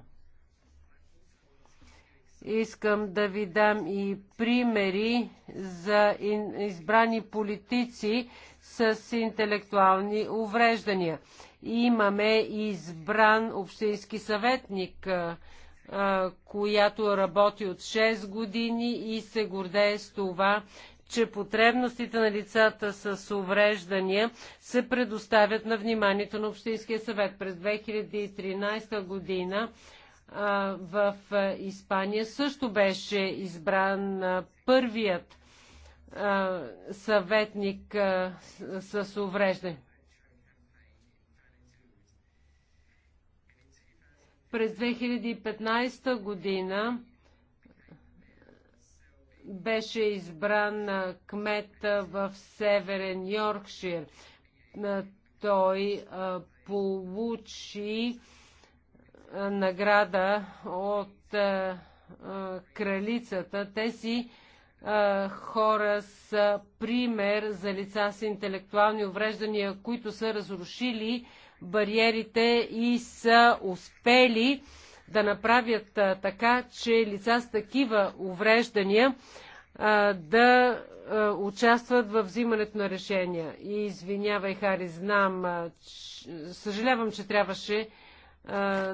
C: Искам да ви дам и примери за избрани политици с интелектуални увреждания. Имаме избран общински съветник, която работи от 6 години и се гордее с това, че потребностите на лицата с увреждания се предоставят на вниманието на Общинския съвет. През 2013 година в Испания също беше избран първият съветник с увреждане. През 2015 година беше избран кмет в Северен Йоркшир. Той получи награда от кралицата. Тези хора са пример за лица с интелектуални увреждания, които са разрушили бариерите и са успели да направят така, че лица с такива увреждания да участват в взимането на решения. И извинявай, Хари, знам, съжалявам, че трябваше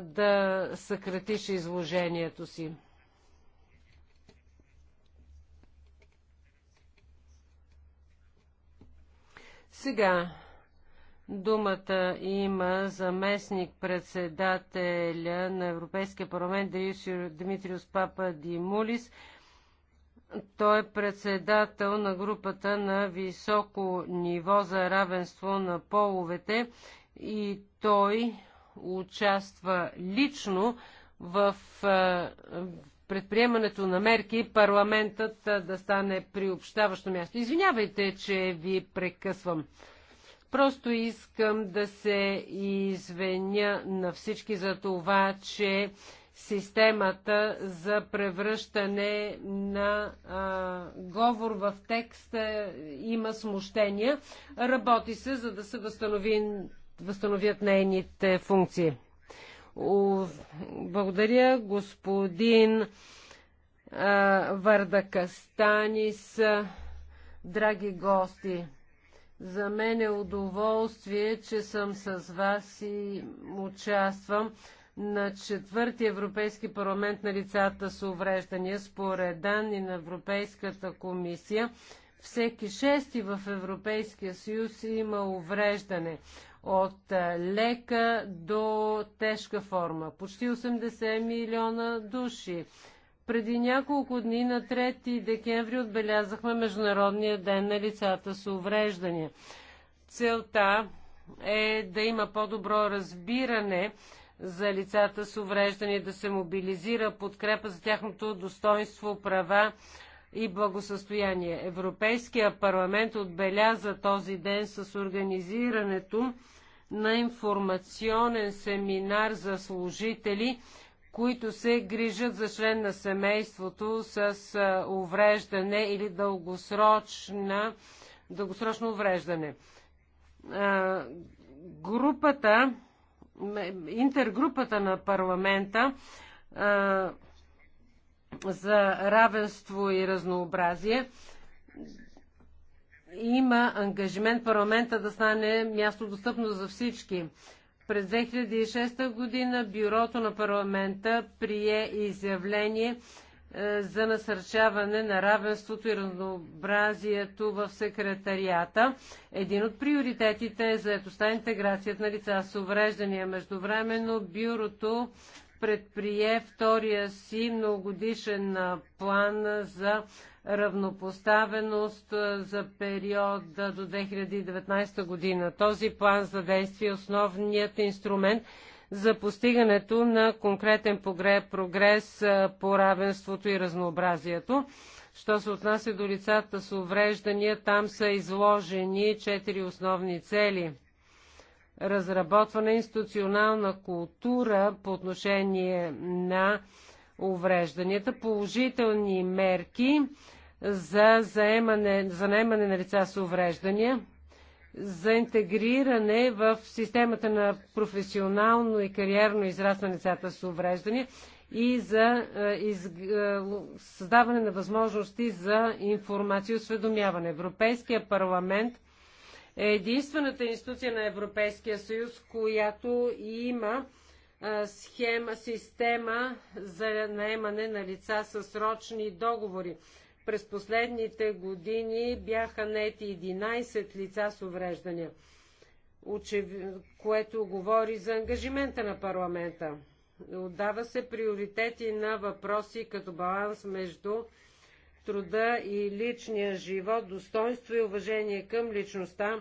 C: да съкратиш изложението си. Сега Думата има заместник председателя на Европейския парламент Димитриус Папа Димулис. Той е председател на групата на високо ниво за равенство на половете и той участва лично в е, предприемането на мерки парламентът е, да стане приобщаващо място. Извинявайте, че ви прекъсвам. Просто искам да се извиня на всички за това, че системата за превръщане на а, говор в текст има смущения. Работи се, за да се възстанови, възстановят нейните функции. О, благодаря, господин а, Варда Кастанис, драги гости. За мен е удоволствие, че съм с вас и участвам на четвърти Европейски парламент на лицата с увреждания. Според данни на Европейската комисия, всеки шести в Европейския съюз има увреждане от лека до тежка форма. Почти 80 милиона души. Преди няколко дни на 3 декември отбелязахме Международния ден на лицата с увреждания. Целта е да има по-добро разбиране за лицата с увреждания, да се мобилизира подкрепа за тяхното достоинство, права и благосъстояние. Европейския парламент отбеляза този ден с организирането на информационен семинар за служители които се грижат за член на семейството с увреждане или дългосрочна, дългосрочно увреждане. Групата, е, интергрупата на парламента за равенство и разнообразие има ангажимент парламента да стане място достъпно за всички. През 2006 година Бюрото на парламента прие изявление е, за насърчаване на равенството и разнообразието в секретарията. Един от приоритетите е заедостта интеграцията на лица с увреждания. Междувременно бюрото предприе втория си многогодишен план за равнопоставеност за периода до 2019 година. Този план за действие е основният инструмент за постигането на конкретен прогрес по равенството и разнообразието. Що се отнася до лицата с увреждания, там са изложени четири основни цели – разработване институционална култура по отношение на уврежданията, положителни мерки за, заемане, за наемане на лица с увреждания, за интегриране в системата на професионално и кариерно израст на лицата с увреждания и за е, из, е, създаване на възможности за информация и осведомяване. Европейския парламент – е единствената институция на Европейския съюз, която има схема, система за наемане на лица с срочни договори. През последните години бяха нети 11 лица с увреждания, което говори за ангажимента на парламента. Отдава се приоритети на въпроси като баланс между труда и личния живот, достоинство и уважение към личността.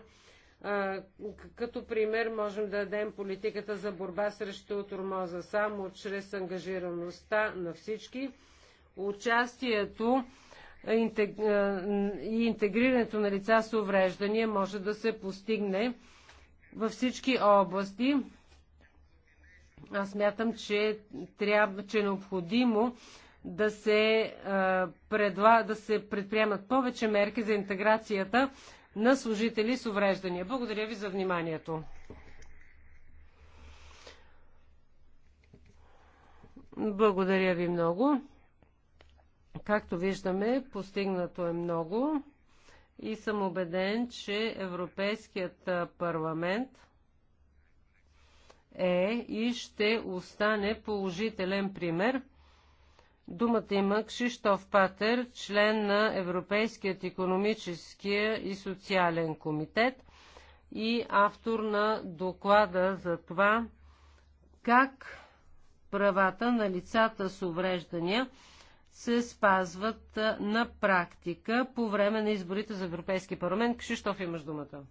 C: като пример можем да дадем политиката за борба срещу турмоза само чрез ангажираността на всички, участието и интегрирането на лица с увреждания може да се постигне във всички области. Аз мятам, че, трябва, че е необходимо да се, предла, да се предприемат повече мерки за интеграцията на служители с увреждания. Благодаря ви за вниманието. Благодаря ви много. Както виждаме, постигнато е много и съм убеден, че Европейският парламент е и ще остане положителен пример Думата има Кшиштоф Патер, член на Европейският економическия и социален комитет и автор на доклада за това как правата на лицата с увреждания се спазват на практика по време на изборите за Европейски парламент. Кшиштоф, имаш думата.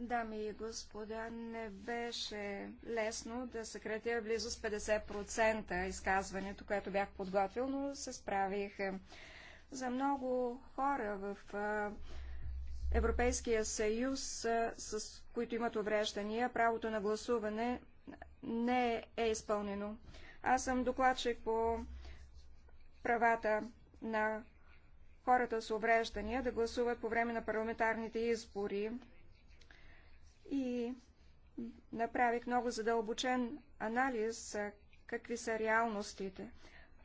B: Дами и господа, не беше лесно да съкратя близо с 50% изказването, което бях подготвил, но се справих. За много хора в Европейския съюз, с които имат увреждания, правото на гласуване не е изпълнено. Аз съм докладчик по правата на хората с увреждания да гласуват по време на парламентарните избори и направих много задълбочен анализ какви са реалностите.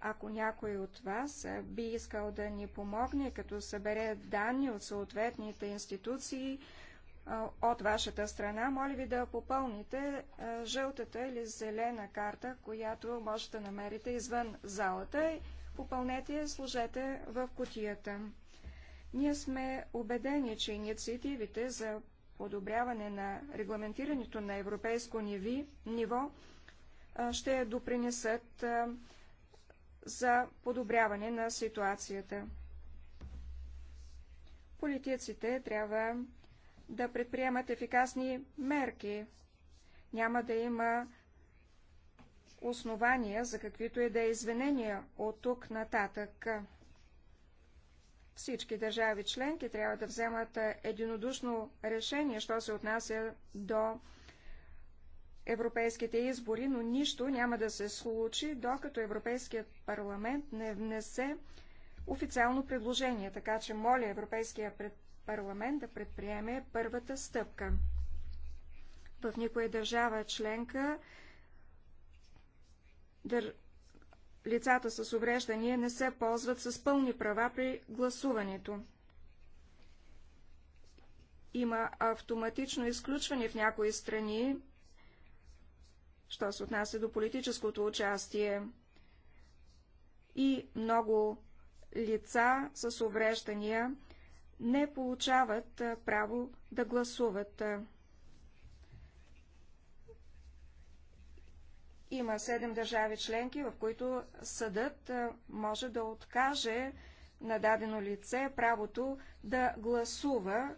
B: Ако някой от вас би искал да ни помогне, като събере данни от съответните институции от вашата страна, моля ви да попълните жълтата или зелена карта, която можете да намерите извън залата. Попълнете я, сложете в кутията. Ние сме убедени, че инициативите за подобряване на регламентирането на европейско ниви, ниво ще допринесат за подобряване на ситуацията. Политиците трябва да предприемат ефикасни мерки. Няма да има основания за каквито и е да е извинения от тук нататък. Всички държави членки трябва да вземат единодушно решение, що се отнася до европейските избори, но нищо няма да се случи, докато Европейският парламент не внесе официално предложение. Така че моля Европейския парламент да предприеме първата стъпка. В никоя държава членка лицата с увреждания не се ползват с пълни права при гласуването. Има автоматично изключване в някои страни, що се отнася до политическото участие. И много лица с увреждания не получават право да гласуват. Има седем държави членки, в които съдът може да откаже на дадено лице правото да гласува,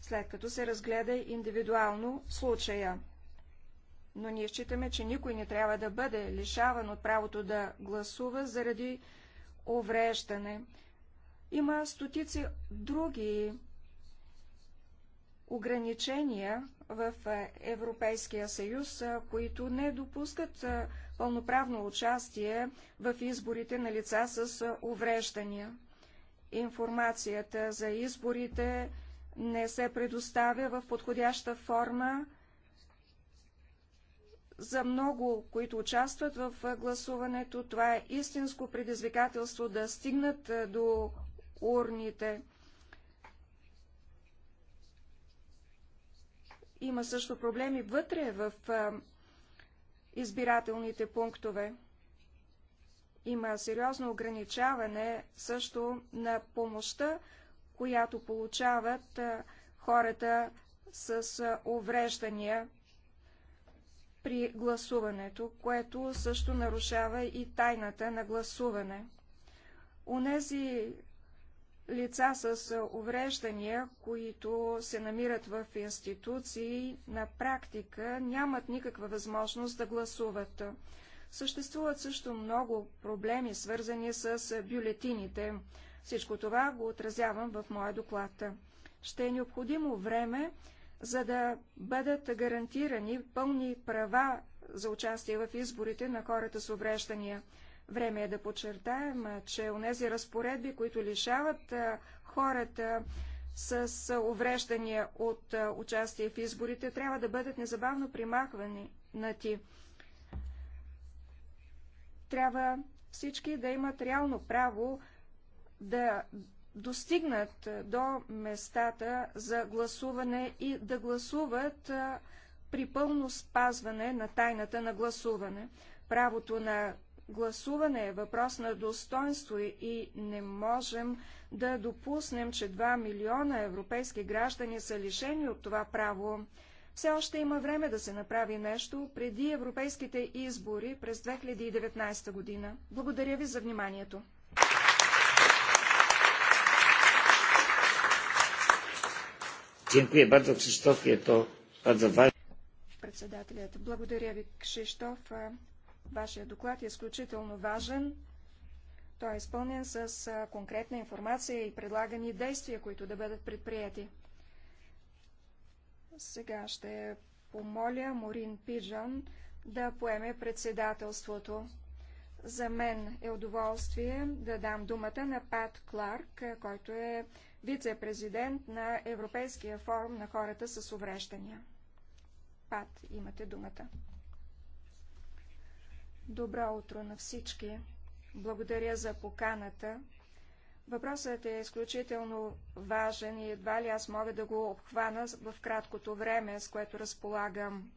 B: след като се разгледа индивидуално случая. Но ние считаме, че никой не трябва да бъде лишаван от правото да гласува заради увреждане. Има стотици други ограничения, в е, Европейския съюз, е, които не допускат е, пълноправно участие в изборите на лица с увреждания. Информацията за изборите не се предоставя в подходяща форма за много, които участват в гласуването. Това е истинско предизвикателство да стигнат до урните. Има също проблеми вътре в избирателните пунктове. Има сериозно ограничаване също на помощта, която получават хората с увреждания при гласуването, което също нарушава и тайната на гласуване. Унези лица с увреждания, които се намират в институции, на практика нямат никаква възможност да гласуват. Съществуват също много проблеми, свързани с бюлетините. Всичко това го отразявам в моя доклад. Ще е необходимо време, за да бъдат гарантирани пълни права за участие в изборите на хората с увреждания. Време е да подчертаем, че онези разпоредби, които лишават хората с увреждания от участие в изборите, трябва да бъдат незабавно примахвани на ти. Трябва всички да имат реално право да достигнат до местата за гласуване и да гласуват при пълно спазване на тайната на гласуване. Правото на гласуване е въпрос на достоинство и не можем да допуснем, че 2 милиона европейски граждани са лишени от това право. Все още има време да се направи нещо преди европейските избори през 2019 година. Благодаря ви за вниманието. Председателят, благодаря ви, Кшиштоф. Вашия доклад е изключително важен. Той е изпълнен с конкретна информация и предлагани действия, които да бъдат предприяти. Сега ще помоля Морин Пиджан да поеме председателството. За мен е удоволствие да дам думата на Пат Кларк, който е вице-президент на Европейския форум на хората с увреждания. Пат, имате думата. Добро утро на всички. Благодаря за поканата. Въпросът е изключително важен и едва ли аз мога да го обхвана в краткото време, с което разполагам.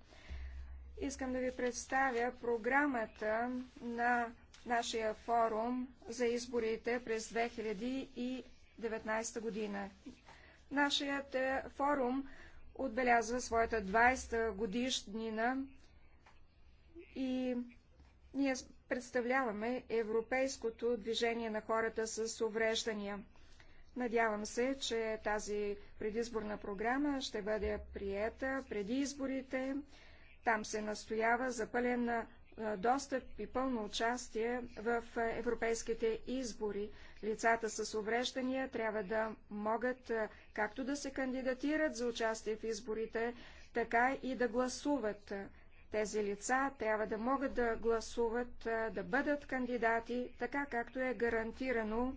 B: Искам да ви представя програмата на нашия форум за изборите през 2019 година. Нашият е, форум отбелязва своята 20-та годишнина и ние представляваме Европейското движение на хората с увреждания. Надявам се, че тази предизборна програма ще бъде приета преди изборите. Там се настоява за пълен достъп и пълно участие в европейските избори. Лицата с увреждания трябва да могат както да се кандидатират за участие в изборите, така и да гласуват. Тези лица трябва да могат да гласуват, да бъдат кандидати, така както е гарантирано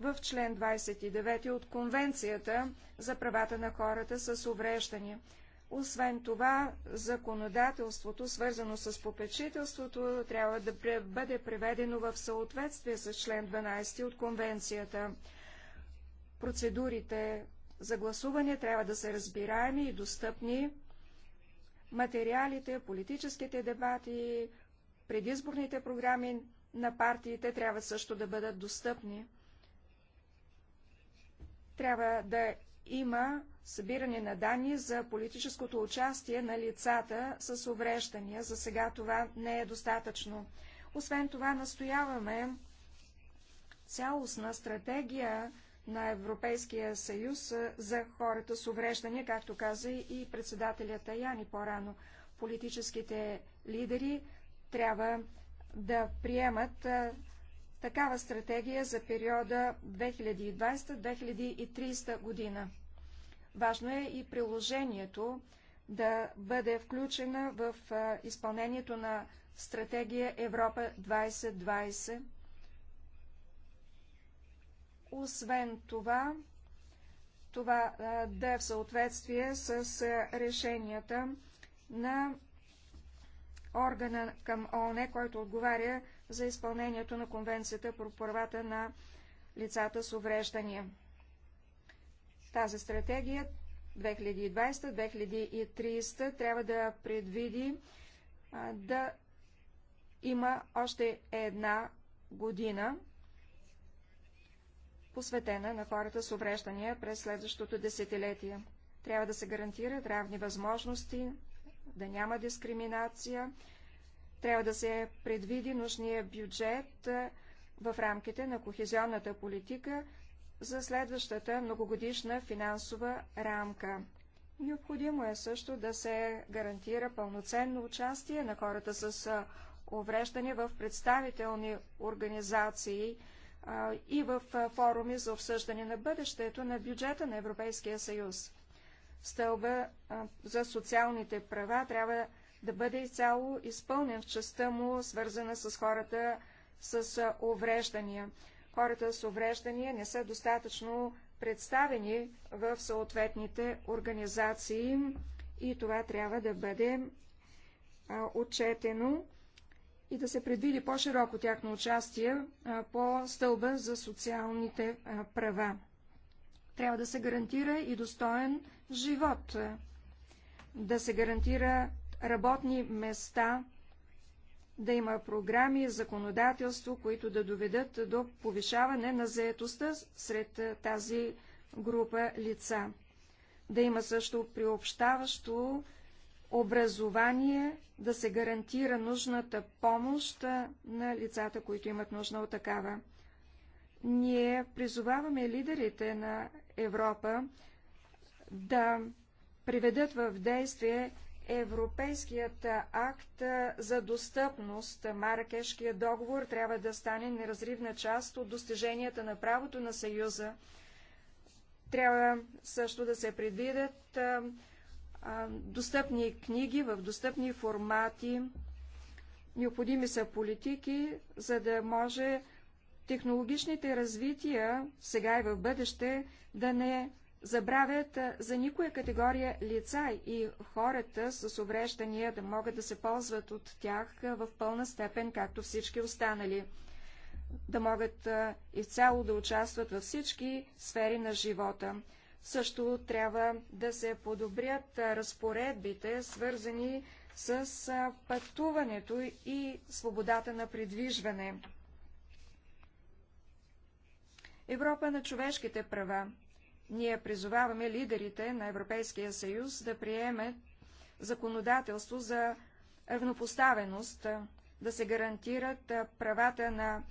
B: в член 29 от Конвенцията за правата на хората с увреждания. Освен това, законодателството, свързано с попечителството, трябва да бъде преведено в съответствие с член 12 от Конвенцията. Процедурите за гласуване трябва да са разбираеми и достъпни материалите, политическите дебати, предизборните програми на партиите трябва също да бъдат достъпни. Трябва да има събиране на данни за политическото участие на лицата с увреждания. За сега това не е достатъчно. Освен това настояваме цялостна стратегия на Европейския съюз за хората с увреждания, както каза и председателят Яни по-рано. Политическите лидери трябва да приемат такава стратегия за периода 2020-2030 година. Важно е и приложението да бъде включена в изпълнението на стратегия Европа 2020 освен това, това да е в съответствие с решенията на органа към ООН, който отговаря за изпълнението на Конвенцията по правата на лицата с увреждания. Тази стратегия 2020-2030 трябва да предвиди да има още една година посветена на хората с увреждания през следващото десетилетие. Трябва да се гарантират равни възможности, да няма дискриминация, трябва да се предвиди нужния бюджет в рамките на кохезионната политика за следващата многогодишна финансова рамка. Необходимо е също да се гарантира пълноценно участие на хората с увреждане в представителни организации и в форуми за обсъждане на бъдещето на бюджета на Европейския съюз. Стълба за социалните права трябва да бъде изцяло изпълнен в частта му, свързана с хората с увреждания. Хората с увреждания не са достатъчно представени в съответните организации и това трябва да бъде отчетено и да се предвиди по-широко тяхно участие по стълба за социалните права. Трябва да се гарантира и достоен живот, да се гарантира работни места, да има програми, законодателство, които да доведат до повишаване на заетостта сред тази група лица. Да има също приобщаващо образование, да се гарантира нужната помощ на лицата, които имат нужда от такава. Ние призоваваме лидерите на Европа да приведат в действие Европейският акт за достъпност, Маракешкия договор, трябва да стане неразривна част от достиженията на правото на Съюза. Трябва също да се предвидят достъпни книги в достъпни формати. Необходими са политики, за да може технологичните развития сега и в бъдеще да не забравят за никоя категория лица и хората с увреждания да могат да се ползват от тях в пълна степен, както всички останали. Да могат изцяло да участват във всички сфери на живота. Също трябва да се подобрят разпоредбите, свързани с пътуването и свободата на придвижване. Европа на човешките права. Ние призоваваме лидерите на Европейския съюз да приеме законодателство за равнопоставеност, да се гарантират правата на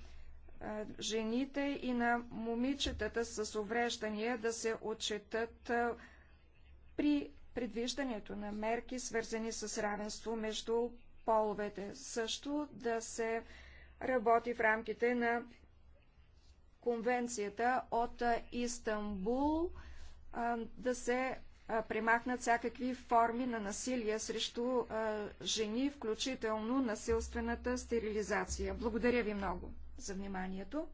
B: жените и на момичетата с увреждания да се отчетат при предвиждането на мерки, свързани с равенство между половете. Също да се работи в рамките на конвенцията от Истанбул, да се премахнат всякакви форми на насилие срещу жени, включително насилствената стерилизация. Благодаря ви много за вниманието.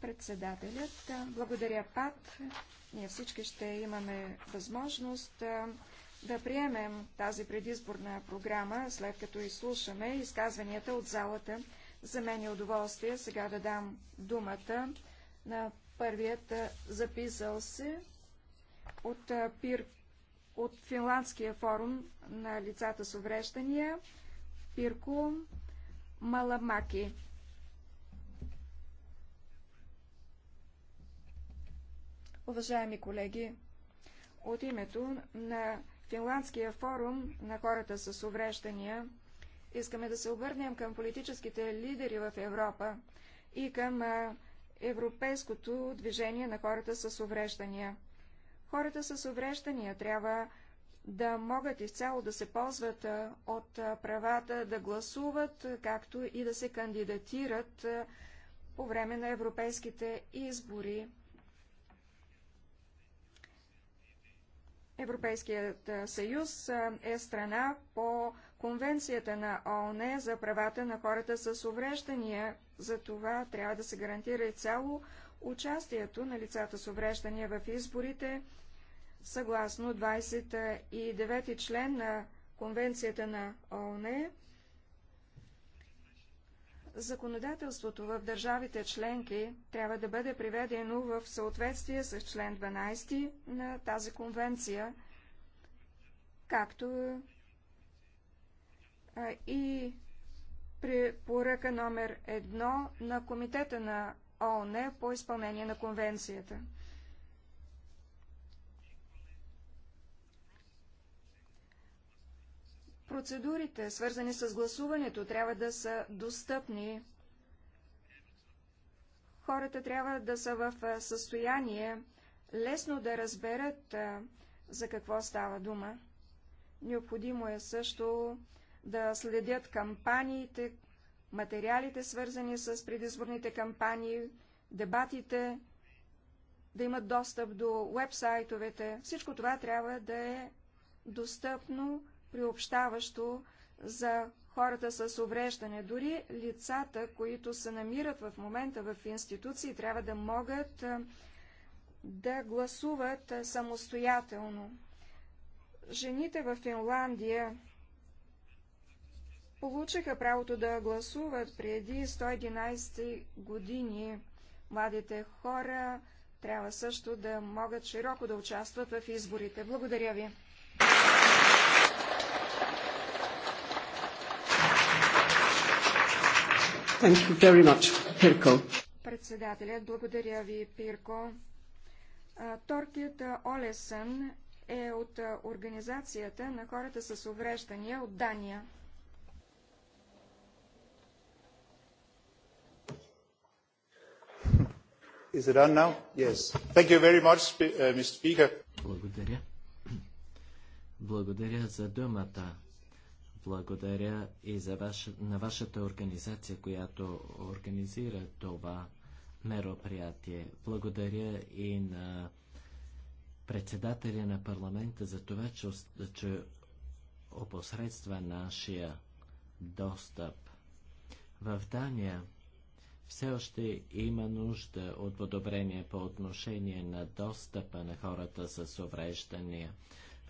B: Председателят, благодаря Пат. Ние всички ще имаме възможност да приемем тази предизборна програма, след като изслушаме изказванията от залата. За мен е удоволствие сега да дам думата на първият записал се от, пир, от Финландския форум на лицата с увреждания, Пирко Маламаки. Уважаеми колеги, от името на Финландския форум на хората с увреждания искаме да се обърнем към политическите лидери в Европа и към Европейското движение на хората с увреждания. Хората с увреждания трябва да могат изцяло да се ползват от правата да гласуват, както и да се кандидатират по време на европейските избори. Европейският съюз е страна по Конвенцията на ООН за правата на хората с увреждания. За това трябва да се гарантира и цяло участието на лицата с увреждания в изборите, съгласно 29 член на Конвенцията на ООН, законодателството в държавите членки трябва да бъде приведено в съответствие с член 12 на тази конвенция, както и препоръка номер 1 на Комитета на ООН по изпълнение на конвенцията. Процедурите, свързани с гласуването, трябва да са достъпни. Хората трябва да са в състояние лесно да разберат за какво става дума. Необходимо е също да следят кампаниите, материалите, свързани с предизборните кампании, дебатите, да имат достъп до уебсайтовете. Всичко това трябва да е достъпно приобщаващо за хората с увреждане. Дори лицата, които се намират в момента в институции, трябва да могат да гласуват самостоятелно. Жените в Финландия получиха правото да гласуват преди 111 години. Младите хора трябва също да могат широко да участват в изборите. Благодаря ви.
C: Thank you very much, Pirko.
B: Председателят, благодаря ви, Пирко. Торкит Олесън е от Организацията на хората с увреждания от Дания. Is it on now? Yes. Thank you very much, uh, Mr. Speaker.
A: Благодаря. Благодаря за думата. Благодаря и за ваш, на вашата организация, която организира това мероприятие. Благодаря и на председателя на парламента за това, че, че опосредства нашия достъп. В Дания все още има нужда от подобрение по отношение на достъпа на хората с увреждания.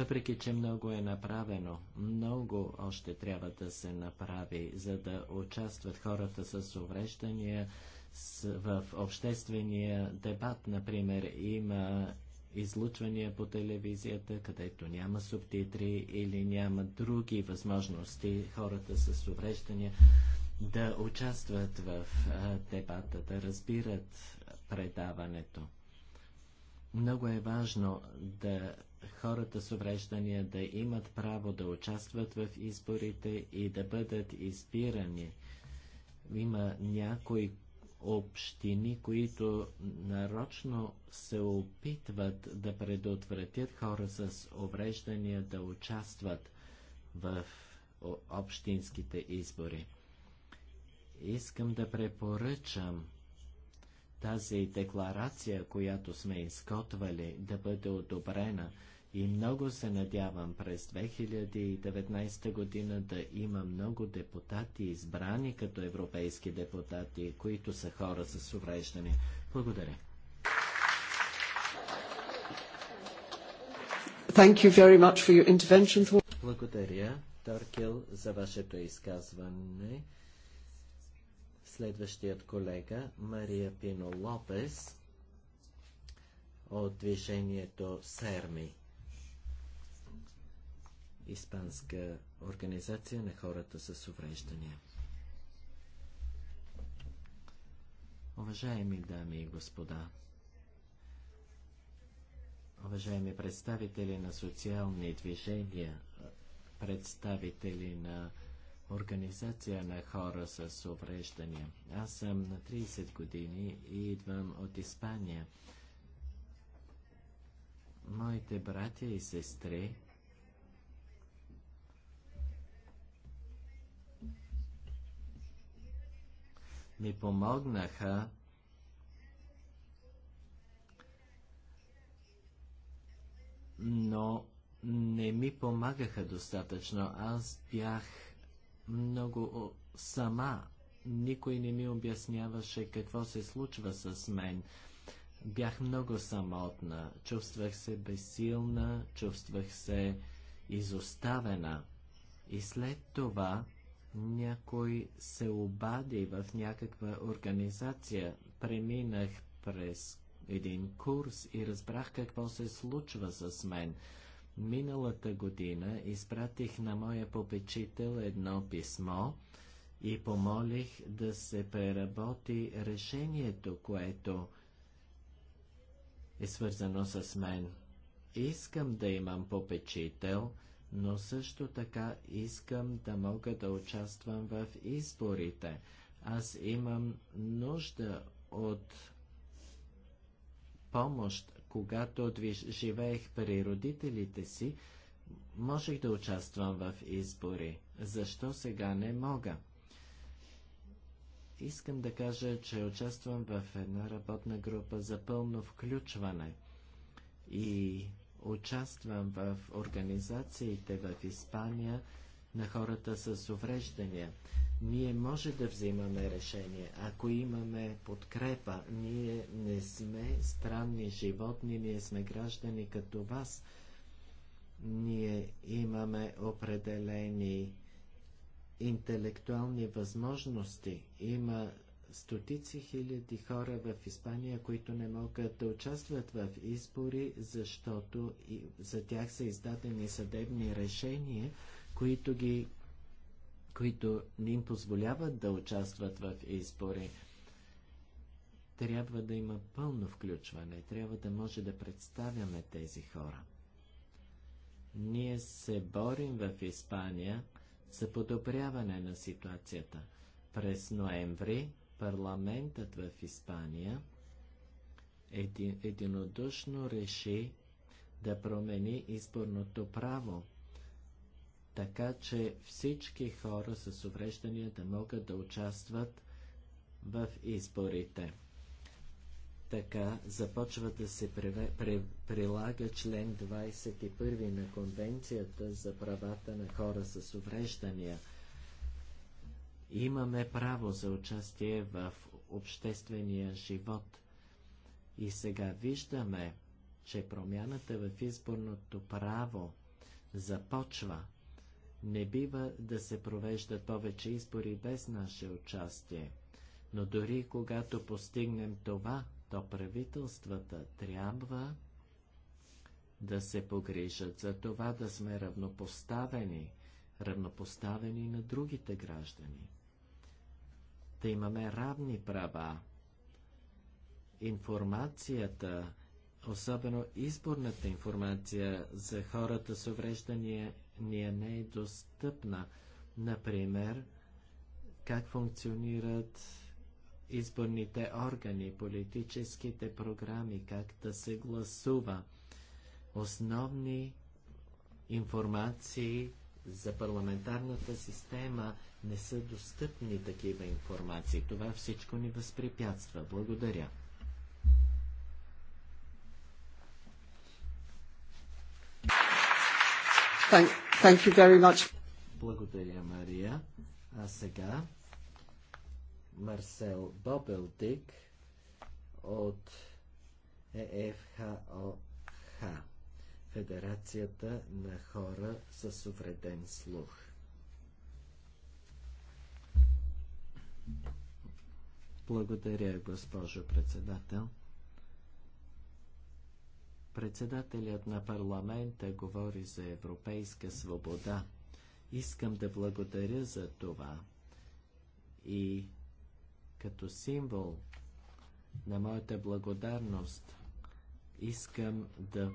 A: Въпреки, че много е направено, много още трябва да се направи, за да участват хората с увреждания в обществения дебат. Например, има излучвания по телевизията, където няма субтитри или няма други възможности хората с увреждания да участват в дебата, да разбират предаването. Много е важно да хората с увреждания да имат право да участват в изборите и да бъдат избирани. Има някои общини, които нарочно се опитват да предотвратят хора с увреждания да участват в общинските избори. Искам да препоръчам тази декларация, която сме изготвали, да бъде одобрена и много се надявам през 2019 година да има много депутати, избрани като европейски депутати, които са хора с увреждане. Благодаря.
C: Thank you very
B: much for your intervention. Благодаря,
A: Торкил, за вашето изказване. Следващият колега Мария Пино Лопес от движението СЕРМИ. Испанска организация на хората с увреждания. Уважаеми дами и господа, уважаеми представители на социални движения, представители на организация на хора с увреждания. Аз съм на 30 години и идвам от Испания. Моите братя и сестри ми помогнаха но не ми помагаха достатъчно. Аз бях много сама. Никой не ми обясняваше какво се случва с мен. Бях много самотна, чувствах се безсилна, чувствах се изоставена. И след това някой се обади в някаква организация. Преминах през един курс и разбрах какво се случва с мен – Миналата година изпратих на моя попечител едно писмо и помолих да се преработи решението, което е свързано с мен. Искам да имам попечител, но също така искам да мога да участвам в изборите. Аз имам нужда от помощ когато живеех при родителите си, можех да участвам в избори. Защо сега не мога? Искам да кажа, че участвам в една работна група за пълно включване и участвам в организациите в Испания на хората с увреждания. Ние може да взимаме решение, ако имаме подкрепа. Ние не сме странни животни, ние сме граждани като вас. Ние имаме определени интелектуални възможности. Има стотици хиляди хора в Испания, които не могат да участват в избори, защото за тях са издадени съдебни решения, които ги които им позволяват да участват в избори. Трябва да има пълно включване, трябва да може да представяме тези хора. Ние се борим в Испания за подобряване на ситуацията. През ноември парламентът в Испания един, единодушно реши да промени изборното право така че всички хора с увреждания да могат да участват в изборите. Така започва да се при, прилага член 21 на Конвенцията за правата на хора с увреждания. Имаме право за участие в обществения живот. И сега виждаме, че промяната в изборното право започва – не бива да се провеждат повече избори без наше участие. Но дори когато постигнем това, то правителствата трябва да се погрижат за това да сме равнопоставени, равнопоставени на другите граждани. Да имаме равни права. Информацията, особено изборната информация за хората с увреждания ние не е достъпна. Например, как функционират изборните органи, политическите програми, как да се гласува. Основни информации за парламентарната система не са достъпни такива информации. Това всичко ни възпрепятства. Благодаря. Thank you. Thank you very much. Благодаря, Мария. А сега Марсел Бобелдик от ЕФХОХ, е Федерацията на хора с увреден слух. Благодаря, госпожо председател. Председателят на парламента говори за европейска свобода. Искам да благодаря за това. И като символ на моята благодарност искам да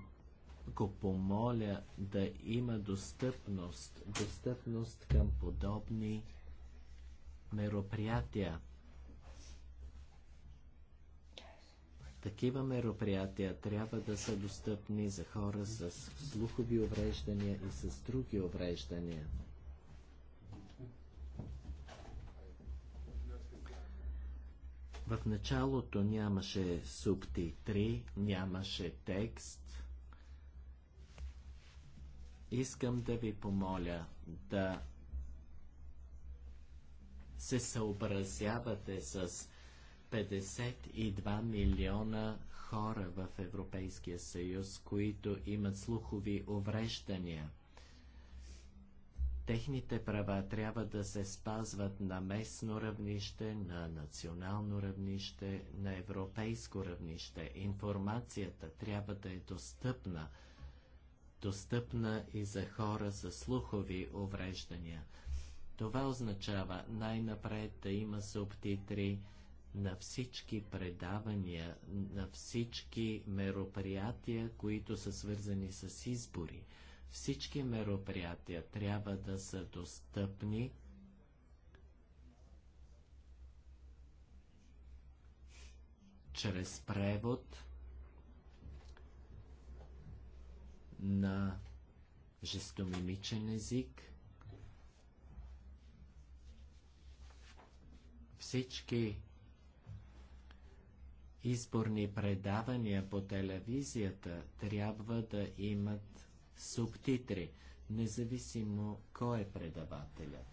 A: го помоля да има достъпност, достъпност към подобни мероприятия. Такива мероприятия трябва да са достъпни за хора с слухови увреждания и с други увреждания. В началото нямаше субтитри, нямаше текст. Искам да ви помоля да се съобразявате с 52 милиона хора в Европейския съюз, които имат слухови увреждания. Техните права трябва да се спазват на местно равнище, на национално равнище, на европейско равнище. Информацията трябва да е достъпна. Достъпна и за хора с слухови увреждания. Това означава най-напред да има субтитри, на всички предавания, на всички мероприятия, които са свързани с избори. Всички мероприятия трябва да са достъпни чрез превод на жестомимичен език. Всички изборни предавания по телевизията трябва да имат субтитри, независимо кой е предавателят.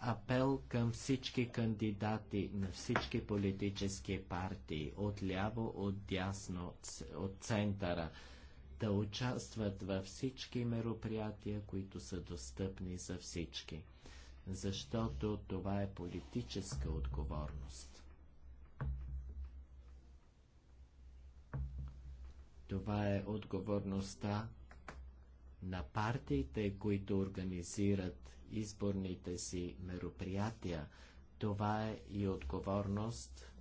A: апел към всички кандидати на всички политически партии, от ляво, от дясно, от центъра, да участват във всички мероприятия, които са достъпни за всички защото това е политическа отговорност. Това е отговорността на партиите, които организират изборните си мероприятия. Това е и отговорност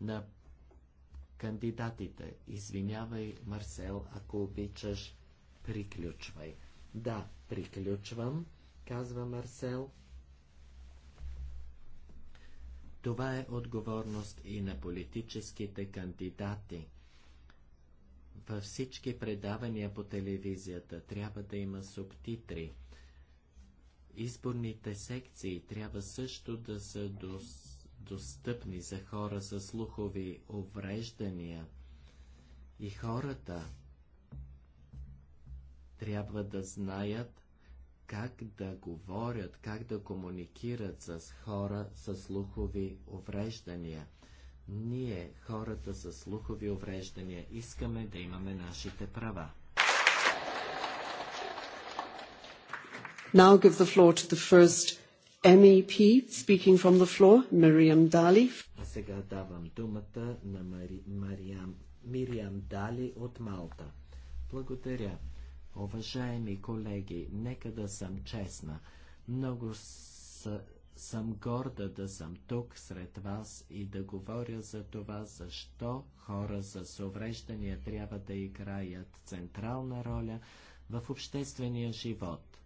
A: на кандидатите. Извинявай, Марсел, ако обичаш, приключвай. Да, приключвам казва Марсел. Това е отговорност и на политическите кандидати. Във всички предавания по телевизията трябва да има субтитри. Изборните секции трябва също да са дос... достъпни за хора с слухови увреждания. И хората трябва да знаят как да говорят, как да комуникират с хора с слухови увреждания. Ние, хората с слухови увреждания, искаме да имаме нашите права.
C: Now give the floor to the first MEP speaking from the floor, Miriam Dali.
A: А сега давам думата на Мари... Мариам... Мириам Дали от Малта. Благодаря. Уважаеми колеги, нека да съм честна. Много с... съм горда да съм тук сред вас и да говоря за това, защо хора с увреждания трябва да играят централна роля в обществения живот.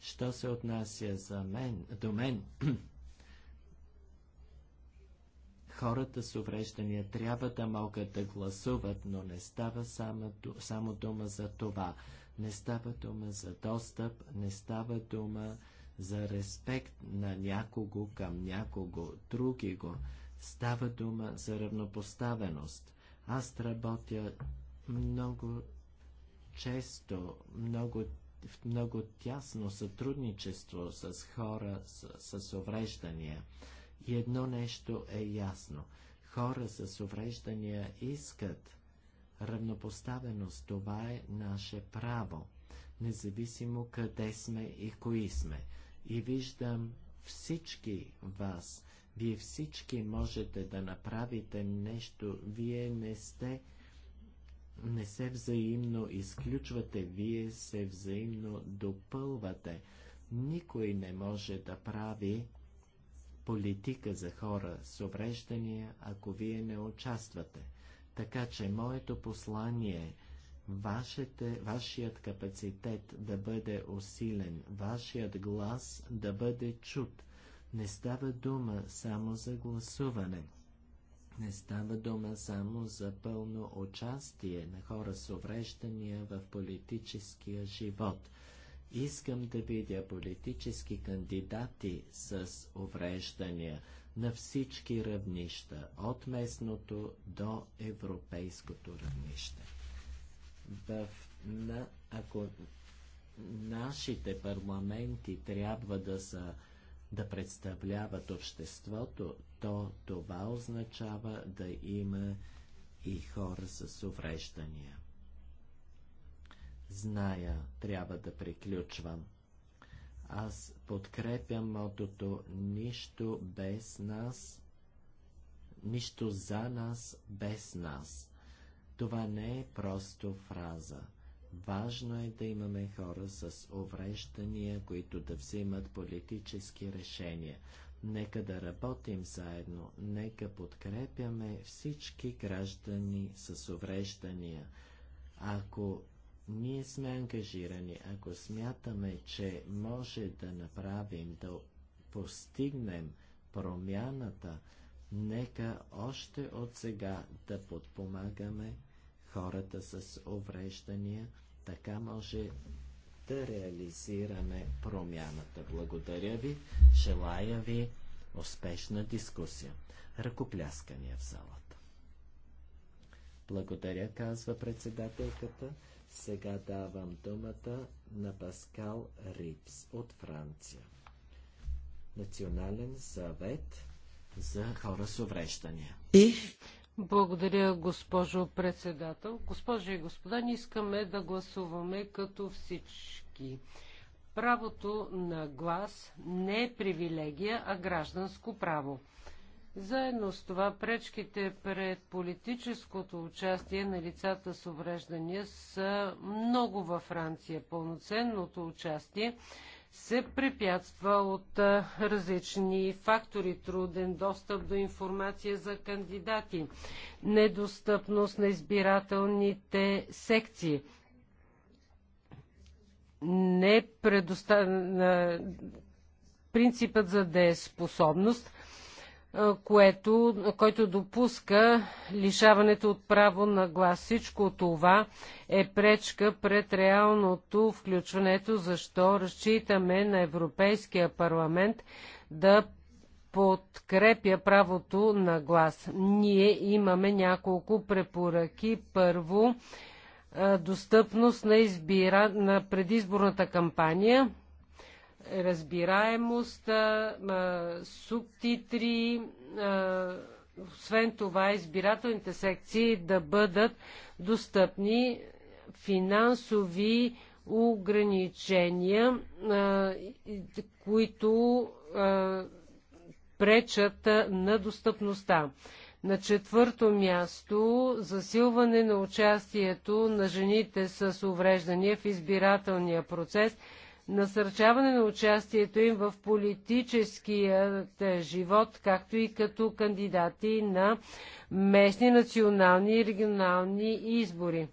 A: Що се отнася за мен, до мен, хората с увреждания трябва да могат да гласуват, но не става само, само дума за това. Не става дума за достъп, не става дума за респект на някого към някого други го. Става дума за равнопоставеност. Аз работя много често, много, в много тясно сътрудничество с хора с, с увреждания. И едно нещо е ясно. Хора с увреждания искат равнопоставеност. Това е наше право, независимо къде сме и кои сме. И виждам всички вас. Вие всички можете да направите нещо. Вие не сте не се взаимно изключвате, вие се взаимно допълвате. Никой не може да прави политика за хора с увреждания, ако вие не участвате. Така че моето послание е вашите, вашият капацитет да бъде усилен, вашият глас да бъде чут. Не става дума само за гласуване. Не става дума само за пълно участие на хора с увреждания в политическия живот. Искам да видя политически кандидати с увреждания на всички равнища, от местното до европейското равнище. В, на, ако нашите парламенти трябва да са да представляват обществото, то това означава да има и хора с увреждания зная, трябва да приключвам. Аз подкрепям мотото нищо без нас, нищо за нас без нас. Това не е просто фраза. Важно е да имаме хора с увреждания, които да взимат политически решения. Нека да работим заедно, нека подкрепяме всички граждани с увреждания. Ако ние сме ангажирани, ако смятаме, че може да направим, да постигнем промяната, нека още от сега да подпомагаме хората с увреждания, така може да реализираме промяната. Благодаря ви, желая ви успешна дискусия. Ръкопляскания в залата. Благодаря, казва председателката. Сега давам думата на Паскал Рипс от Франция. Национален съвет за хора с увреждания.
C: И? Благодаря, госпожо председател. Госпожи и господа, ние искаме да гласуваме като всички. Правото на глас не е привилегия, а гражданско право. Заедно с това пречките пред политическото участие на лицата с увреждания са много във Франция. Пълноценното участие се препятства от различни фактори, труден достъп до информация за кандидати, недостъпност на избирателните секции, не предостав... принципът за дееспособност което, който допуска лишаването от право на глас. Всичко това е пречка пред реалното включването, защо разчитаме на Европейския парламент да подкрепя правото на глас. Ние имаме няколко препоръки. Първо, достъпност на, избира, на предизборната кампания разбираемост, субтитри, освен това избирателните секции да бъдат достъпни финансови ограничения, които пречат на достъпността. На четвърто място засилване на участието на жените с увреждания в избирателния процес – насърчаване на участието им в политическия живот, както и като кандидати на местни, национални и регионални избори.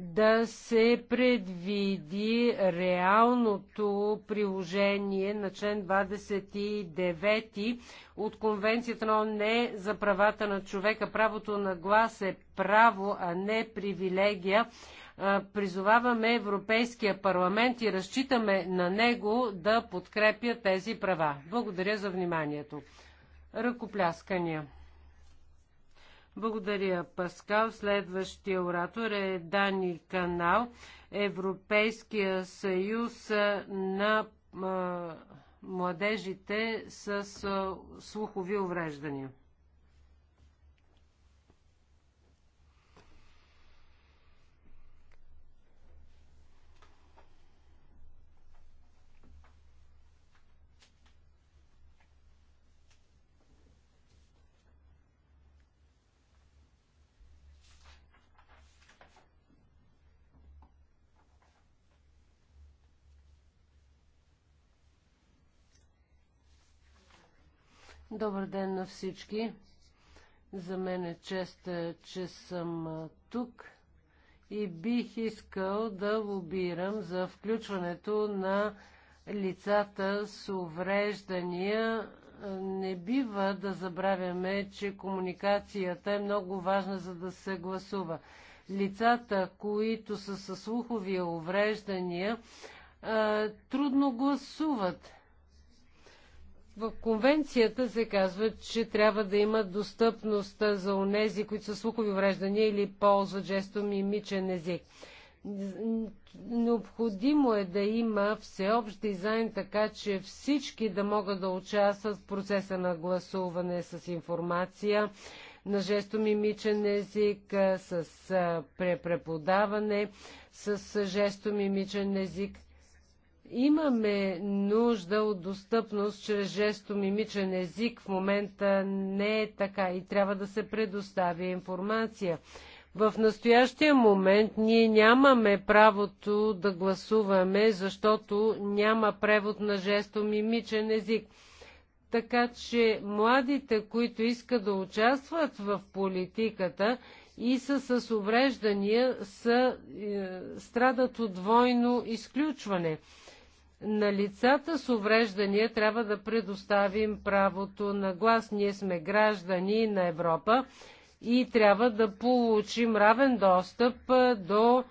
C: Да се предвиди реалното приложение на член 29 от Конвенцията на не за правата на човека. Правото на глас е право, а не привилегия призоваваме Европейския парламент и разчитаме на него да подкрепя тези права. Благодаря за вниманието. Ръкопляскания. Благодаря, Паскал. Следващия оратор е Дани Канал, Европейския съюз на младежите с слухови увреждания. Добър ден на всички. За мен е чест, е, че съм тук и бих искал да лобирам за включването на лицата с увреждания. Не бива да забравяме, че комуникацията е много важна, за да се гласува. Лицата, които са със слухови увреждания, трудно гласуват в конвенцията се казва, че трябва да има достъпност за онези, които са слухови увреждания или ползват жестомимичен език. Необходимо е да има всеобщ дизайн, така че всички да могат да участват в процеса на гласуване с информация на жестомимичен език, с преподаване с жестомимичен език, Имаме нужда от достъпност чрез жестомимичен език. В момента не е така и трябва да се предостави информация. В настоящия момент ние нямаме правото да гласуваме, защото няма превод на жестомимичен език. Така че младите, които искат да участват в политиката и са с увреждания, са, е, страдат от двойно изключване. На лицата с увреждания трябва да предоставим правото на глас. Ние сме граждани на Европа и трябва да получим равен достъп до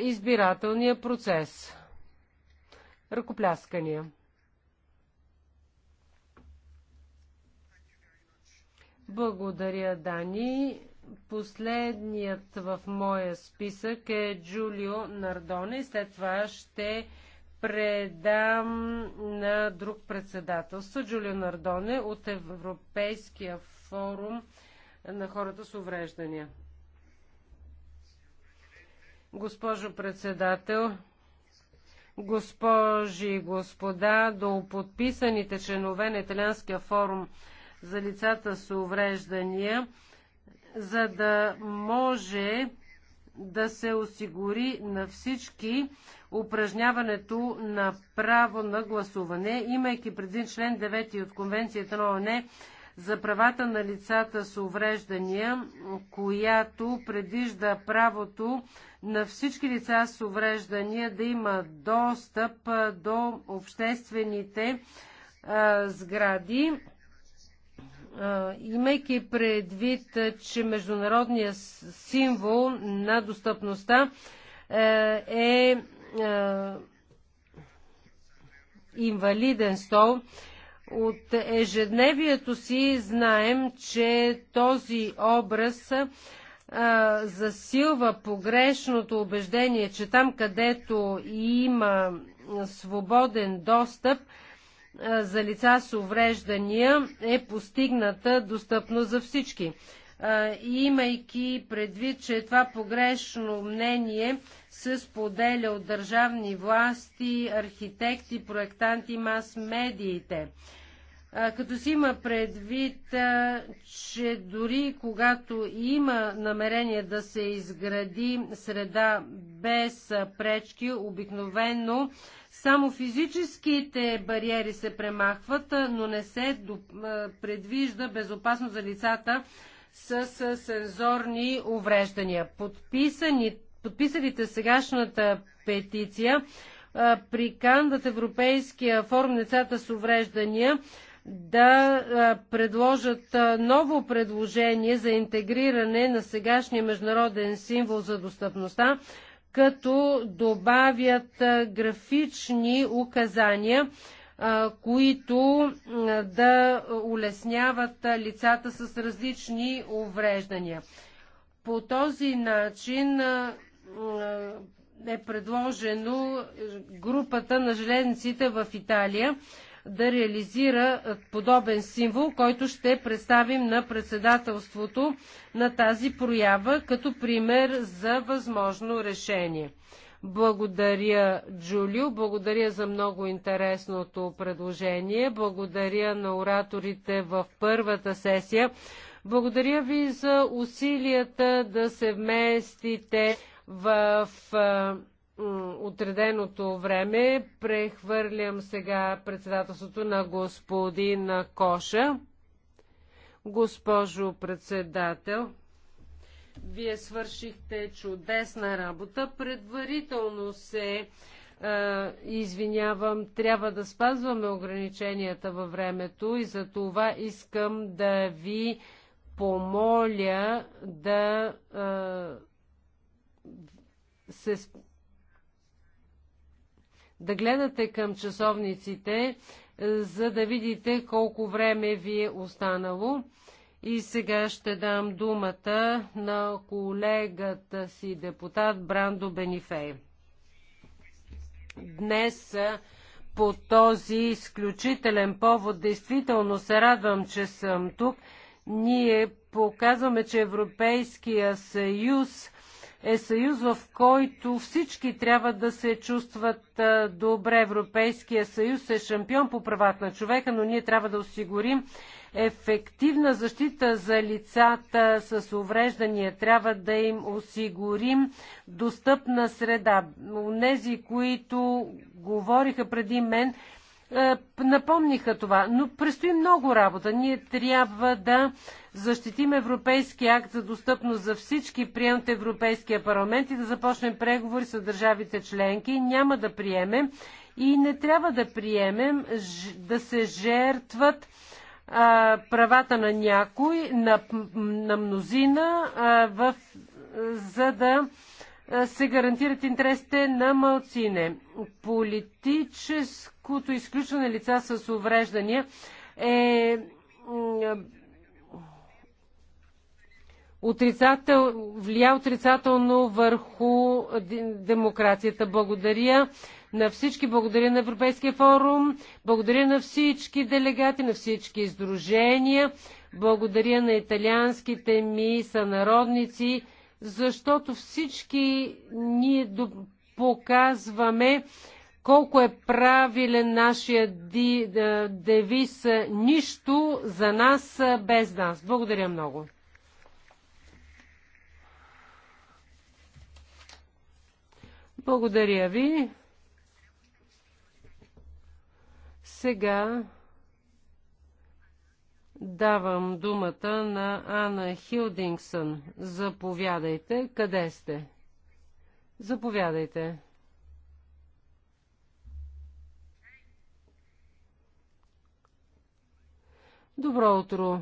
C: избирателния процес. Ръкопляскания. Благодаря, Дани. Последният в моя списък е Джулио Нардоне. След това ще предам на друг председател. Джулио Нардоне от Европейския форум на хората с увреждания. Госпожо председател, госпожи и господа, до подписаните членове на Италианския форум за лицата с увреждания, за да може да се осигури на всички упражняването на право на гласуване, имайки преди член 9 от Конвенцията на ОНЕ за правата на лицата с увреждания, която предвижда правото на всички лица с увреждания да има достъп до обществените а, сгради имайки предвид, че международният символ на достъпността е, е инвалиден стол, от ежедневието си знаем, че този образ засилва погрешното убеждение, че там, където има свободен достъп, за лица с увреждания е постигната достъпно за всички. Имайки предвид, че това погрешно мнение се споделя от държавни власти, архитекти, проектанти, мас-медиите като си има предвид, че дори когато има намерение да се изгради среда без пречки, обикновено само физическите бариери се премахват, но не се предвижда безопасно за лицата с сензорни увреждания. Подписани, подписалите сегашната петиция приканват Европейския форум децата с увреждания да предложат ново предложение за интегриране на сегашния международен символ за достъпността, като добавят графични указания, които да улесняват лицата с различни увреждания. По този начин е предложено групата на железниците в Италия да реализира е, подобен символ, който ще представим на председателството на тази проява като пример за възможно решение. Благодаря, Джулио. Благодаря за много интересното предложение. Благодаря на ораторите в първата сесия. Благодаря ви за усилията да се вместите в е, отреденото време. Прехвърлям сега председателството на господин Коша. Госпожо председател, вие свършихте чудесна работа. Предварително се е, извинявам, трябва да спазваме ограниченията във времето и за това искам да ви помоля да е, се да гледате към часовниците, е, за да видите колко време ви е останало. И сега ще дам думата на колегата си депутат Брандо Бенифей. Днес е, по този изключителен повод действително се радвам, че съм тук. Ние показваме, че Европейския съюз е съюз, в който всички трябва да се чувстват добре. Европейския съюз е шампион по правата на човека, но ние трябва да осигурим ефективна защита за лицата с увреждания. Трябва да им осигурим достъпна среда. Нези, които говориха преди мен, напомниха това. Но предстои много работа. Ние трябва да защитим Европейския акт за достъпност за всички, прием от Европейския парламент и да започнем преговори с държавите членки. Няма да приемем и не трябва да приемем да се жертват а, правата на някой, на, на мнозина, а, в, за да се гарантират интересите на малцине. Политическото изключване лица с увреждания е отрицател, влия отрицателно върху демокрацията. Благодаря на всички, благодаря на Европейския форум, благодаря на всички делегати, на всички издружения, благодаря на италианските ми сънародници, защото всички ние показваме колко е правилен нашия девиз нищо за нас без нас. Благодаря много. Благодаря ви. Сега давам думата на Ана Хилдингсън. Заповядайте. Къде сте? Заповядайте. Добро утро,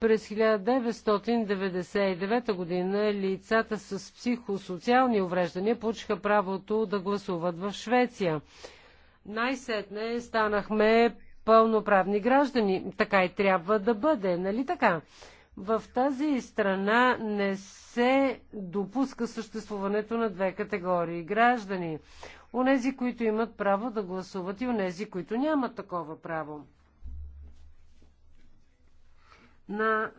C: през 1999 година лицата с психосоциални увреждания получиха правото да гласуват в Швеция. Най-сетне станахме пълноправни граждани. Така и трябва да бъде, нали така? В тази страна не се допуска съществуването на две категории граждани. Онези, които имат право да гласуват и онези, които нямат такова право на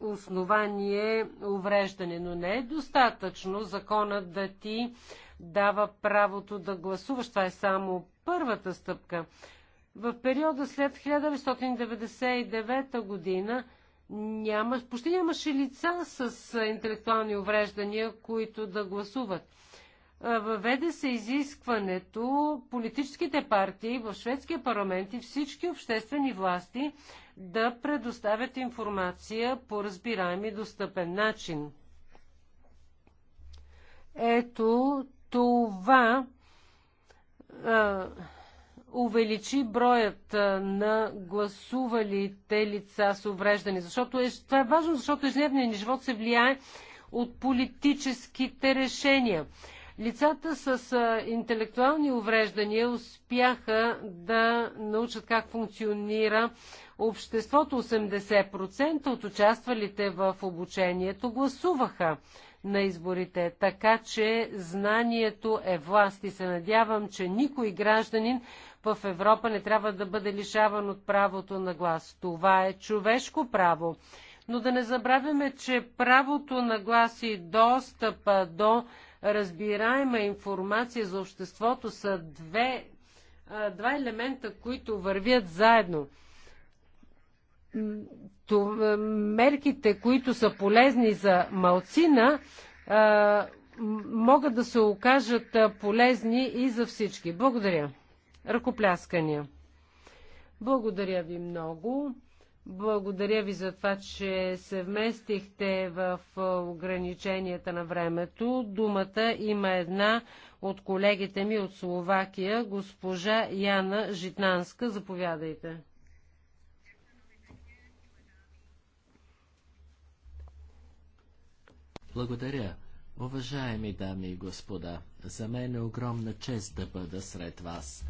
C: основание увреждане, но не е достатъчно законът да ти дава правото да гласуваш. Това е само първата стъпка. В периода след 1999 година няма, почти нямаше лица с интелектуални увреждания, които да гласуват. Въведе се изискването политическите партии в шведския парламент и всички обществени власти да предоставят информация по разбираем и достъпен начин. Ето това а, увеличи броят на гласувалите лица с увреждане. Защото е, това е важно, защото ежедневният ни живот се влияе от политическите решения. Лицата с интелектуални увреждания успяха да научат как функционира обществото 80% от участвалите в обучението гласуваха на изборите. Така че знанието е власт и се надявам, че никой гражданин в Европа не трябва да бъде лишаван от правото на глас. Това е човешко право. Но да не забравяме, че правото на глас и достъпа до разбираема информация за обществото са две, два елемента, които вървят заедно това, мерките, които са полезни за малцина, могат да се окажат полезни и за всички. Благодаря. Ръкопляскания. Благодаря ви много. Благодаря ви за това, че се вместихте в ограниченията на времето. Думата има една от колегите ми от Словакия, госпожа Яна Житнанска. Заповядайте.
A: Благодаря. Уважаеми дами и господа, за мен е огромна чест да бъда сред вас.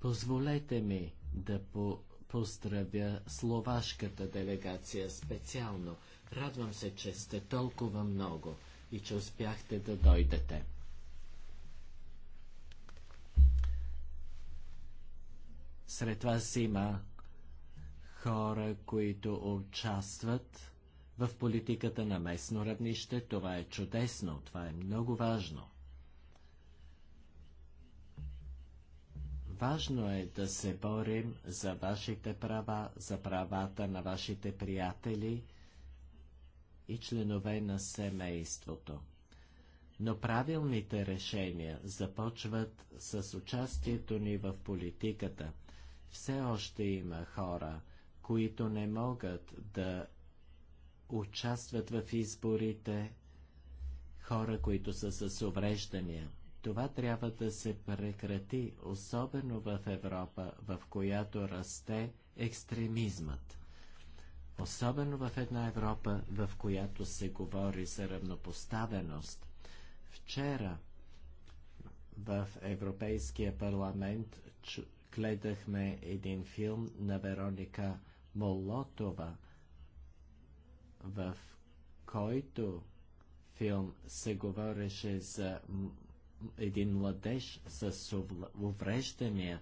A: Позволете ми да по поздравя словашката делегация специално. Радвам се, че сте толкова много и че успяхте да дойдете. Сред вас има хора, които участват в политиката на местно равнище. Това е чудесно, това е много важно. Важно е да се борим за вашите права, за правата на вашите приятели и членове на семейството. Но правилните решения започват с участието ни в политиката. Все още има хора, които не могат да участват в изборите хора, които са с увреждания. Това трябва да се прекрати, особено в Европа, в която расте екстремизмът. Особено в една Европа, в която се говори за равнопоставеност. Вчера в Европейския парламент гледахме един филм на Вероника Молотова – в който филм се говореше за един младеж с увреждания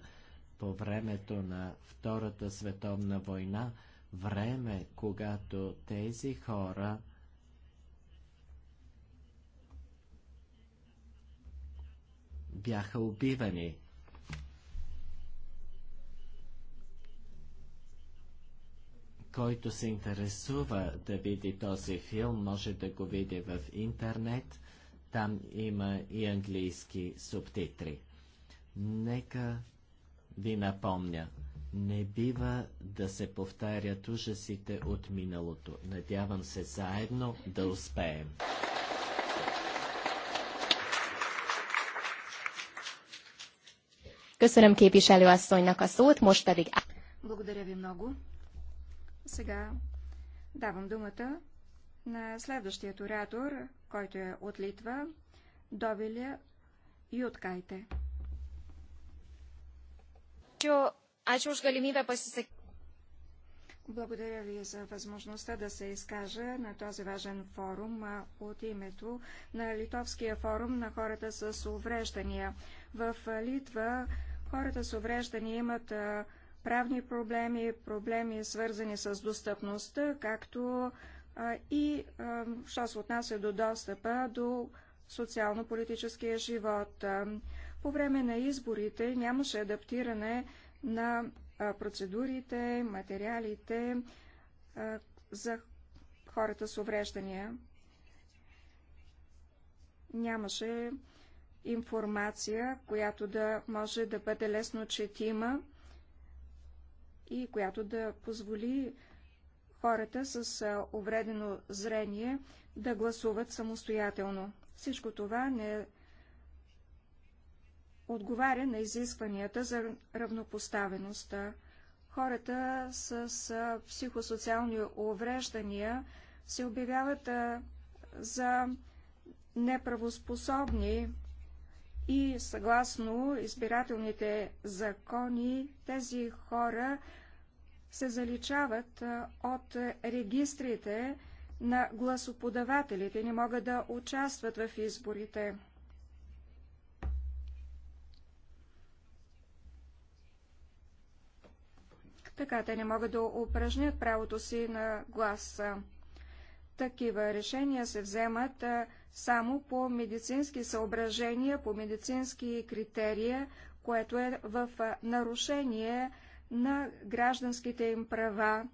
A: по времето на Втората световна война, време, когато тези хора бяха убивани. който се интересува да види този филм, може да го види в интернет. Там има и английски субтитри. Нека ви напомня, не бива да се повтарят ужасите от миналото. Надявам се заедно да успеем.
B: Благодаря ви много. Сега давам думата на следващият оратор, който е от Литва, Довиля Юткайте. Благодаря ви за възможността да се изкажа на този важен форум от името на Литовския форум на хората с увреждания. В Литва хората с увреждания имат правни проблеми, проблеми свързани с достъпността, както а, и, а, що се отнася до достъпа до социално-политическия живот. А, по време на изборите нямаше адаптиране на процедурите, материалите за хората с увреждания. Нямаше информация, която да може да бъде лесно четима и която да позволи хората с увредено зрение да гласуват самостоятелно. Всичко това не отговаря на изискванията за равнопоставеността. Хората с психосоциални увреждания се обявяват за неправоспособни и съгласно избирателните закони тези хора се заличават от регистрите на гласоподавателите, не могат да участват в изборите. Така те не могат да упражнят правото си на глас. Такива решения се вземат само по медицински съображения, по медицински критерия, което е в нарушение на гражданските им права.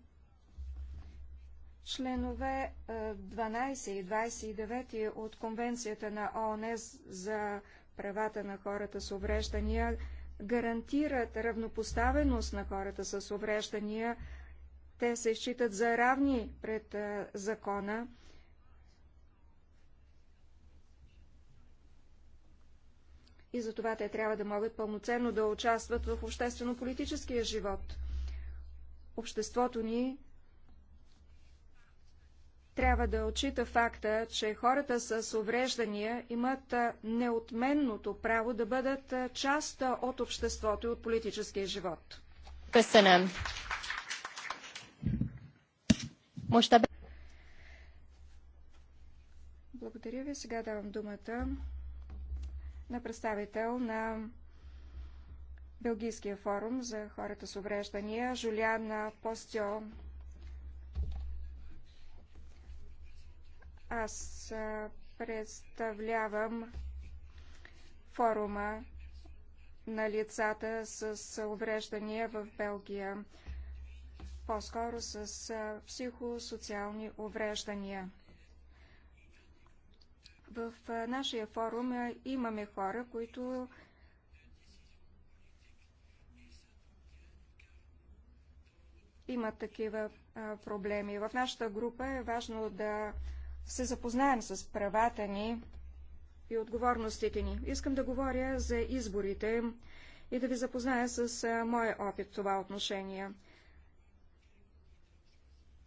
B: Членове 12 и 29 от Конвенцията на ООН за правата на хората с увреждания гарантират равнопоставеност на хората с увреждания. Те се считат за равни пред закона и затова те трябва да могат пълноценно да участват в обществено-политическия живот. Обществото ни трябва да отчита факта, че хората с увреждания имат неотменното право да бъдат част от обществото и от политическия живот. Благодаря ви. Сега давам думата на представител на Белгийския форум за хората с увреждания Жулиана Постио. Аз представлявам форума на лицата с увреждания в Белгия, по-скоро с психосоциални увреждания. В нашия форум имаме хора, които имат такива проблеми. В нашата група е важно да се запознаем с правата ни и отговорностите ни. Искам да говоря за изборите и да ви запозная с моя опит в това отношение.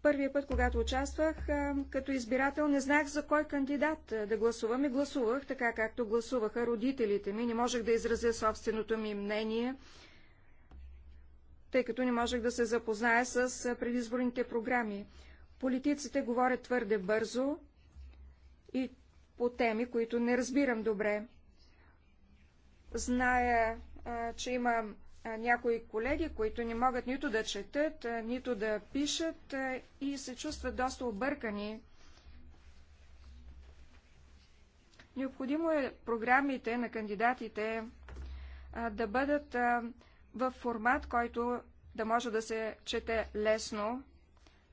B: Първия път, когато участвах като избирател, не знаех за кой кандидат да гласувам и гласувах така, както гласуваха родителите ми. Не можех да изразя собственото ми мнение, тъй като не можех да се запозная с предизборните програми. Политиците говорят твърде бързо и по теми, които не разбирам добре. Зная, че има някои колеги, които не могат нито да четат, нито да пишат и се чувстват доста объркани. Необходимо е програмите на кандидатите да бъдат в формат, който да може да се чете лесно.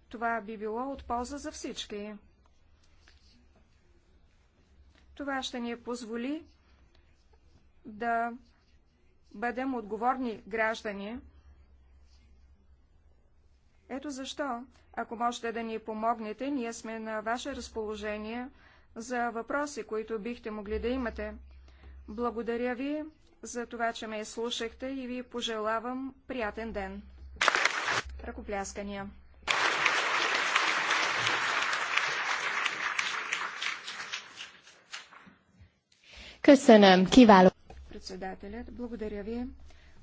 B: Това би било от полза за всички. Това ще ни позволи да бъдем отговорни граждани. Ето защо, ако можете да ни помогнете, ние сме на ваше разположение за въпроси, които бихте могли да имате. Благодаря ви за това, че ме изслушахте и ви пожелавам приятен ден. Ръкопляскания.
A: Köszönöm, kiváló!
B: Председателят, благодаря ви.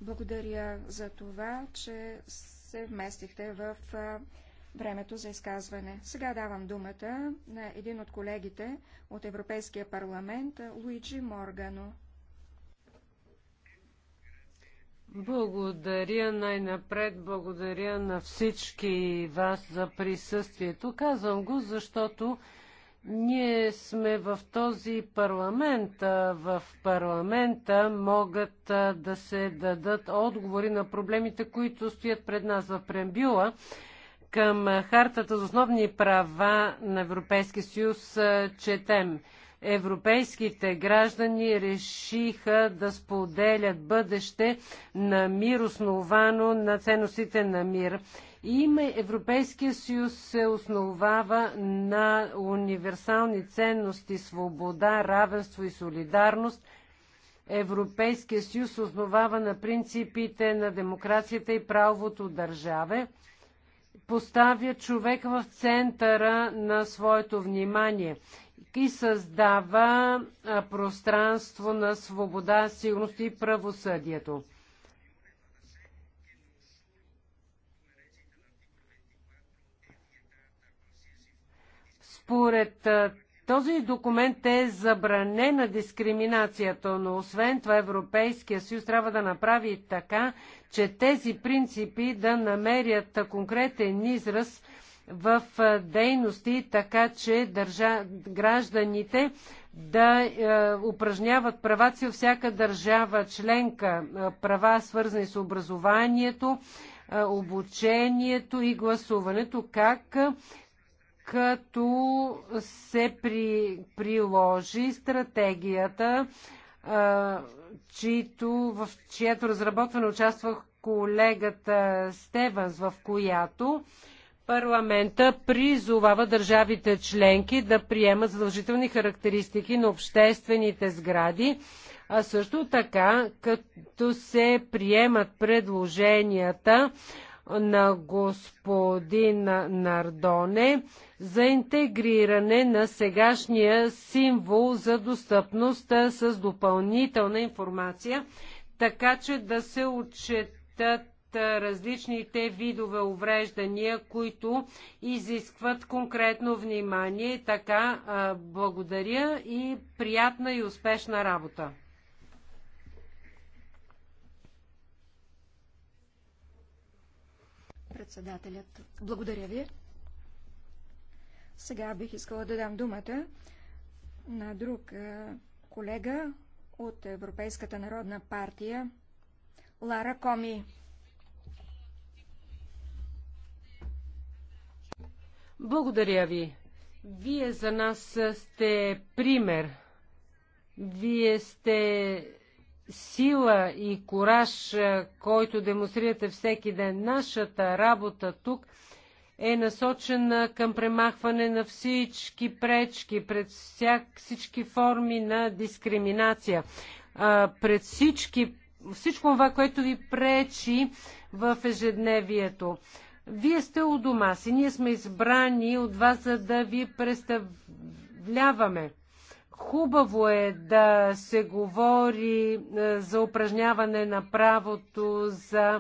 B: Благодаря за това, че се вместихте в времето за изказване. Сега давам думата на един от колегите от Европейския парламент, Луиджи Моргано.
C: Благодаря най-напред, благодаря на всички вас за присъствието. Казвам го, защото ние сме в този парламент. В парламента могат да се дадат отговори на проблемите, които стоят пред нас в прембюла към Хартата за основни права на Европейския съюз четем. Европейските граждани решиха да споделят бъдеще на мир, основано на ценностите на мир. Име Европейския съюз се основава на универсални ценности, свобода, равенство и солидарност. Европейския съюз се основава на принципите на демокрацията и правото държаве. Поставя човека в центъра на своето внимание и създава пространство на свобода, сигурност и правосъдието. Според този документ е забранена дискриминацията, но освен това Европейския съюз трябва да направи така, че тези принципи да намерят конкретен израз в дейности, така че държа... гражданите да е, упражняват права си във всяка държава членка, права свързани с образованието, обучението и гласуването, как като се при, приложи стратегията, а, чието, в чието разработване участвах колегата Стеванс, в която парламента призовава държавите членки да приемат задължителни характеристики на обществените сгради, а също така като се приемат предложенията на господин Нардоне за интегриране на сегашния символ за достъпност с допълнителна информация, така че да се отчетат различните видове увреждания, които изискват конкретно внимание. Така, благодаря и приятна и успешна работа!
B: Председателят, благодаря ви. Сега бих искала да дам думата на друг е, колега от Европейската народна партия, Лара Коми.
C: Благодаря ви. Вие за нас сте пример. Вие сте сила и кораж, е, който демонстрирате всеки ден. Нашата работа тук е насочена към премахване на всички пречки, пред всяк, всички форми на дискриминация, а, пред всички, всичко това, което ви пречи в ежедневието. Вие сте у дома си, ние сме избрани от вас, за да ви представляваме. Хубаво е да се говори е, за упражняване на правото за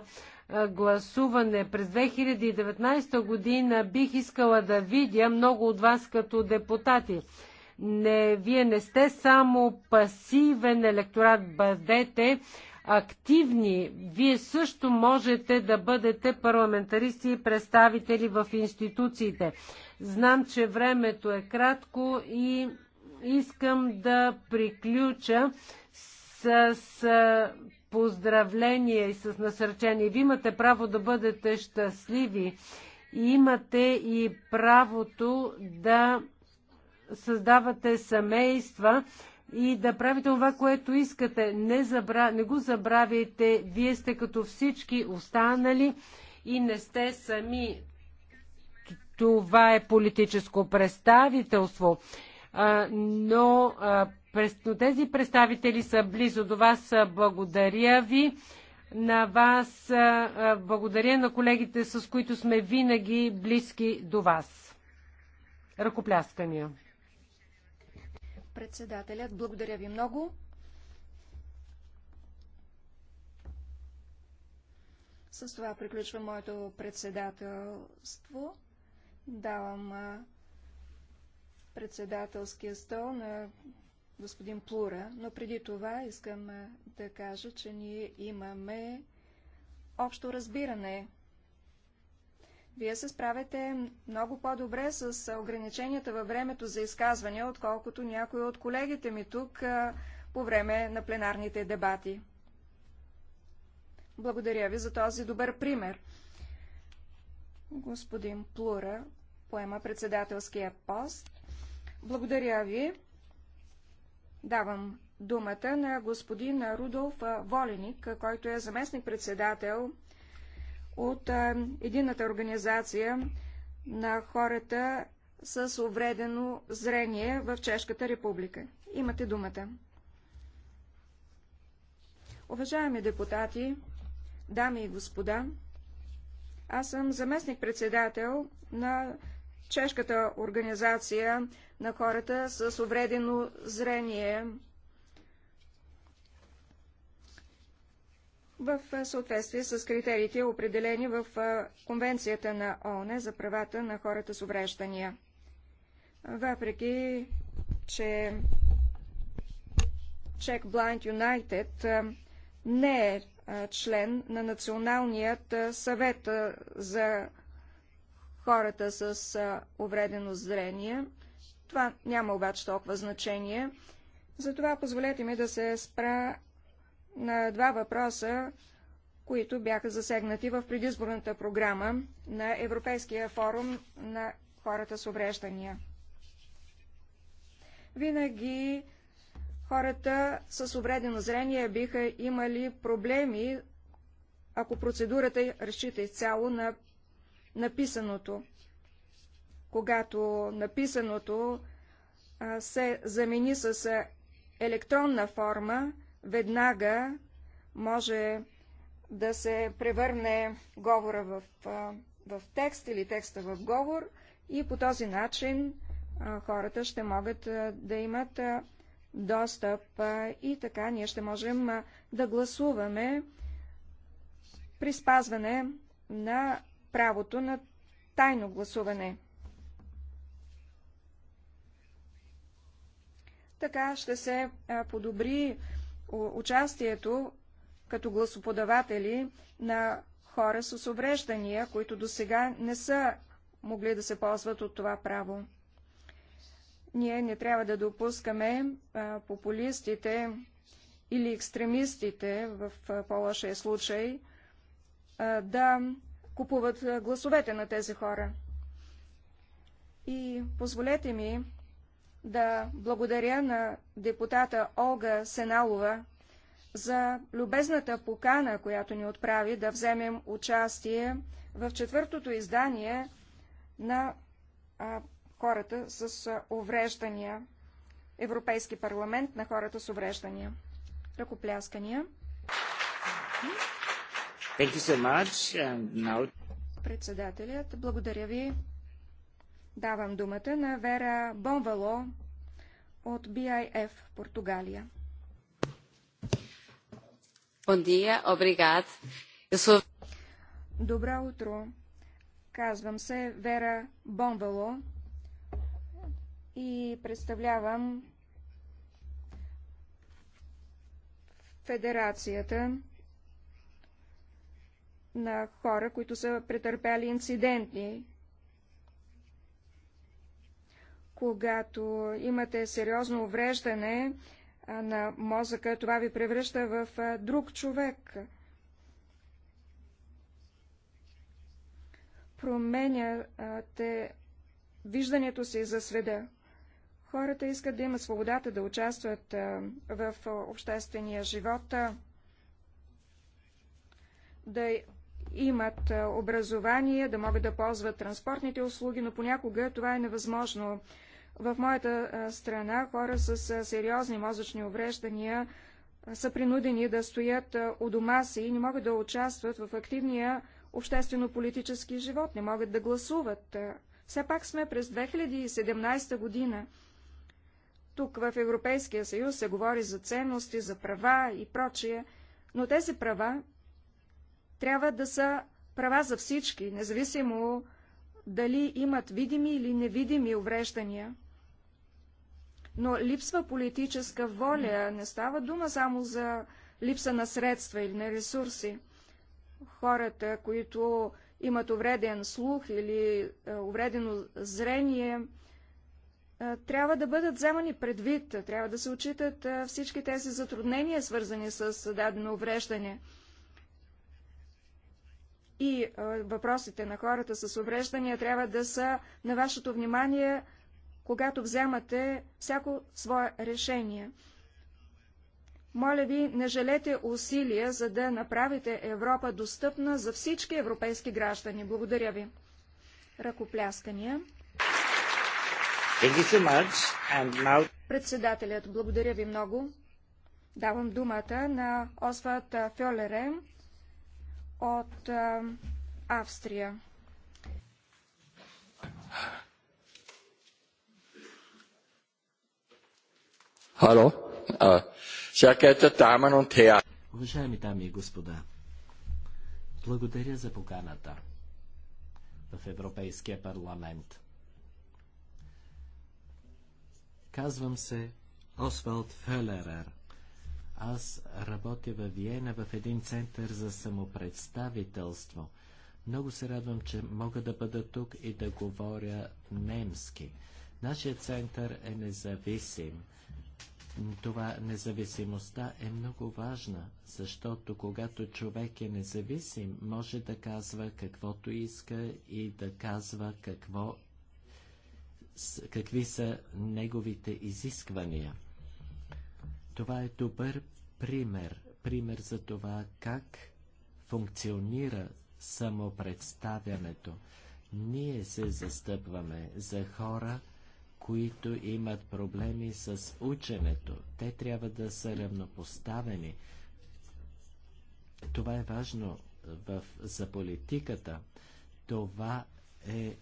C: е, гласуване през 2019 година. Бих искала да видя много от вас като депутати. Не, вие не сте само пасивен електорат, бъдете активни. Вие също можете да бъдете парламентаристи и представители в институциите. Знам, че времето е кратко и искам да приключа с, с поздравление и с насърчение. Вие имате право да бъдете щастливи и имате и правото да създавате семейства и да правите това, което искате. Не, забра... не го забравяйте. Вие сте като всички останали и не сте сами. Това е политическо представителство но тези представители са близо до вас. Благодаря ви на вас. Благодаря на колегите, с които сме винаги близки до вас. Ръкопляскания.
B: Председателят, благодаря ви много. С това приключва моето председателство. Давам председателския стол на господин Плура, но преди това искам да кажа, че ние имаме общо разбиране. Вие се справяте много по-добре с ограниченията във времето за изказване, отколкото някои от колегите ми тук по време на пленарните дебати. Благодаря ви за този добър пример. Господин Плура поема председателския пост благодаря ви. Давам думата на господин Рудолф Воленик, който е заместник-председател от Едината организация на хората с увредено зрение в Чешката република. Имате думата. Уважаеми депутати, дами и господа, аз съм заместник-председател на Чешката организация на хората с увредено зрение в съответствие с критериите, определени в Конвенцията на ООН за правата на хората с увреждания. Въпреки, че Check Blind United не е член на Националният съвет за хората с увредено зрение. Това няма обаче толкова значение. Затова позволете ми да се спра на два въпроса, които бяха засегнати в предизборната програма на Европейския форум на хората с увреждания. Винаги хората с увредено зрение биха имали проблеми, ако процедурата разчита изцяло на написаното. Когато написаното се замени с електронна форма, веднага може да се превърне говора в, в текст или текста в говор и по този начин хората ще могат да имат достъп и така ние ще можем да гласуваме при спазване на правото на тайно гласуване. Така ще се подобри участието като гласоподаватели на хора с увреждания, които до сега не са могли да се ползват от това право. Ние не трябва да допускаме популистите или екстремистите, в по-лошия случай, да купуват гласовете на тези хора. И позволете ми да благодаря на депутата Олга Сеналова за любезната покана, която ни отправи да вземем участие в четвъртото издание на а, хората с увреждания. Европейски парламент на хората с увреждания. Ръкопляскания. Thank
A: Thank you so much. And now...
B: Председателят, благодаря ви. Давам думата на Вера Бонвало от BIF Португалия.
C: Bon dia, obrigado. Eu
B: sou... Добро утро. Казвам се Вера Бонвало и представлявам Федерацията на хора, които са претърпяли инцидентни. Когато имате сериозно увреждане на мозъка, това ви превръща в друг човек. Променяте виждането си за сведа. Хората искат да имат свободата да участват в обществения живот, да имат образование, да могат да ползват транспортните услуги, но понякога това е невъзможно. В моята страна хора с сериозни мозъчни увреждания са принудени да стоят у дома си и не могат да участват в активния обществено-политически живот, не могат да гласуват. Все пак сме през 2017 година. Тук в Европейския съюз се говори за ценности, за права и прочие, но тези права трябва да са права за всички, независимо дали имат видими или невидими увреждания. Но липсва политическа воля, не става дума само за липса на средства или на ресурси. Хората, които имат увреден слух или е, увредено зрение, е, трябва да бъдат вземани предвид, трябва да се отчитат е, всички тези затруднения, свързани с дадено увреждане и въпросите на хората с увреждания трябва да са на вашето внимание, когато вземате всяко свое решение. Моля ви, не жалете усилия, за да направите Европа достъпна за всички европейски граждани. Благодаря ви. Ръкопляскания. Now... Председателят, благодаря ви много. Давам думата на Осват Фьолере, от Австрия.
A: Hallo? Sehr geehrte Damen und Herren. Уважаеми дами и господа, благодаря за поканата в Европейския парламент. Казвам се Освалд Фелерер. Аз работя в Виена в един център за самопредставителство. Много се радвам, че мога да бъда тук и да говоря немски. Нашия център е независим. Това независимостта е много важна, защото когато човек е независим, може да казва каквото иска и да казва какво, какви са неговите изисквания. Това е добър пример. Пример за това как функционира самопредставянето. Ние се застъпваме за хора, които имат проблеми с ученето. Те трябва да са равнопоставени. Това е важно в, за политиката. Това е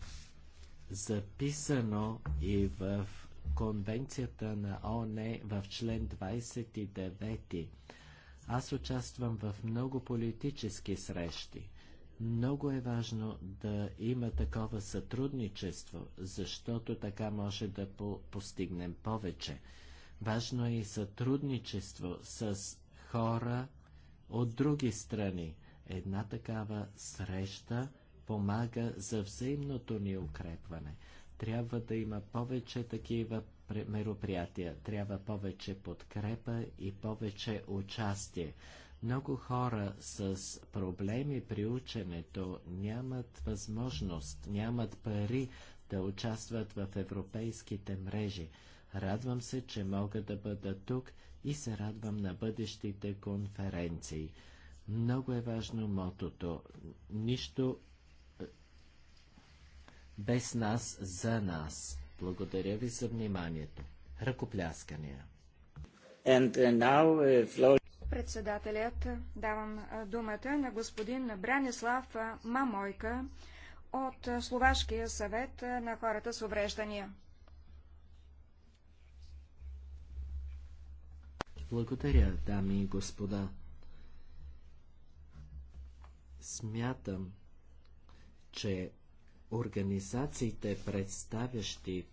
A: записано и в конвенцията на ООН в член 29. Аз участвам в много политически срещи. Много е важно да има такова сътрудничество, защото така може да по постигнем повече. Важно е и сътрудничество с хора от други страни. Една такава среща помага за взаимното ни укрепване. Трябва да има повече такива мероприятия. Трябва повече подкрепа и повече участие. Много хора с проблеми при ученето нямат възможност, нямат пари да участват в европейските мрежи. Радвам се, че мога да бъда тук и се радвам на бъдещите конференции. Много е важно мотото. Нищо без нас, за нас. Благодаря ви за вниманието. Ръкопляскания. And, uh, now, uh, Flor...
B: Председателят давам думата на господин Бранислав Мамойка от Словашкия съвет на хората с увреждания.
A: Благодаря, дами и господа. Смятам, че Организациите, представящи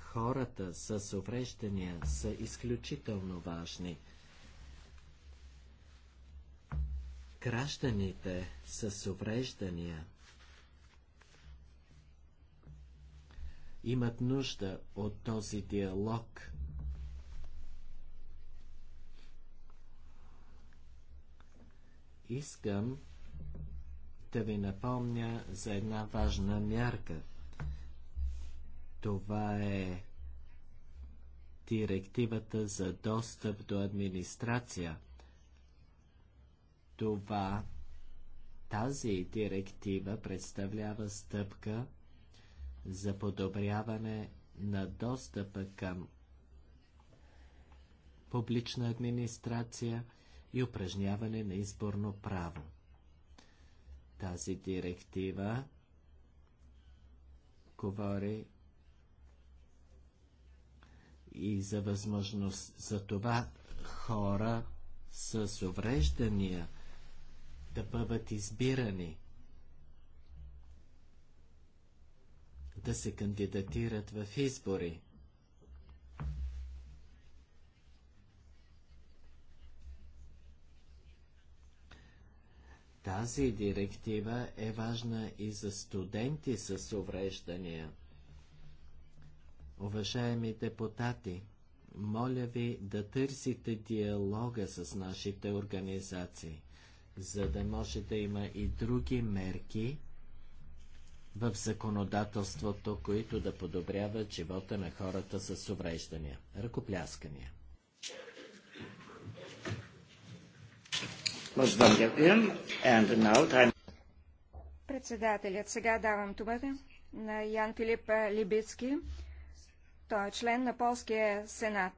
A: хората с увреждания, са изключително важни. Гражданите с увреждания имат нужда от този диалог. Искам да ви напомня за една важна мярка. Това е директивата за достъп до администрация. Това тази директива представлява стъпка за подобряване на достъпа към публична администрация и упражняване на изборно право. Тази директива говори и за възможност за това хора с увреждания да бъдат избирани, да се кандидатират в избори. Тази директива е важна и за студенти с увреждания. Уважаеми депутати, моля ви да търсите диалога с нашите организации, за да може да има и други мерки в законодателството, които да подобряват живота на хората с увреждания. Ръкопляскания.
B: Председателят, сега давам думата на Ян Филип Либицки. Той е член на Полския сенат.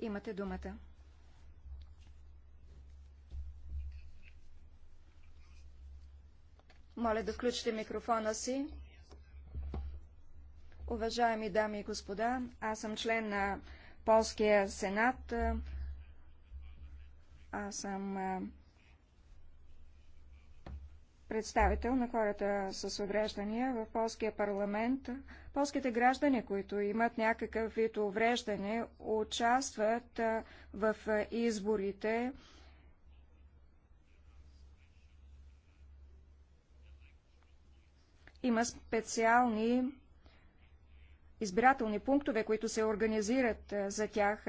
B: Имате думата. Моля да включите микрофона си. Уважаеми дами и господа, аз съм член на Полския сенат. Аз съм представител на хората с увреждания в полския парламент. Полските граждани, които имат някакъв вид увреждане, участват в изборите. Има специални избирателни пунктове, които се организират за тях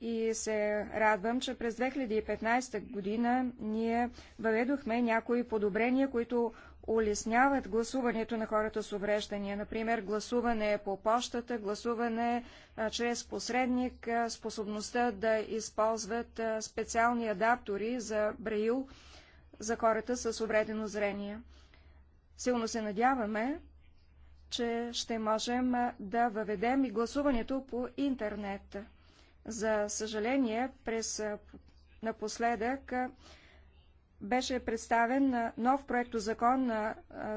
B: и се радвам, че през 2015 година ние въведохме някои подобрения, които улесняват гласуването на хората с увреждания. Например, гласуване по почтата, гласуване а, чрез посредник, а, способността да използват а, специални адаптори за браил за хората с увредено зрение. Силно се надяваме, че ще можем да въведем и гласуването по интернет. За съжаление, през напоследък беше представен нов проектозакон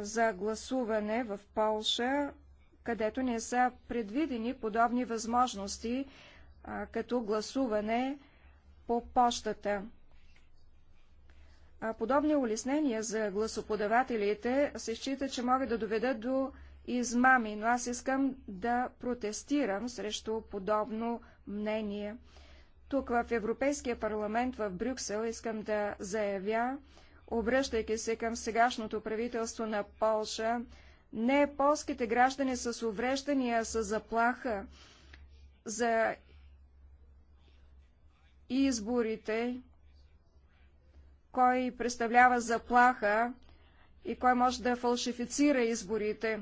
B: за гласуване в Полша, където не са предвидени подобни възможности, като гласуване по почтата. Подобни улеснения за гласоподавателите се счита, че могат да доведат до измами, но аз искам да протестирам срещу подобно мнение. Тук в Европейския парламент в Брюксел искам да заявя, обръщайки се към сегашното правителство на Полша, не полските граждани с увреждания са заплаха за изборите, кой представлява заплаха и кой може да фалшифицира изборите.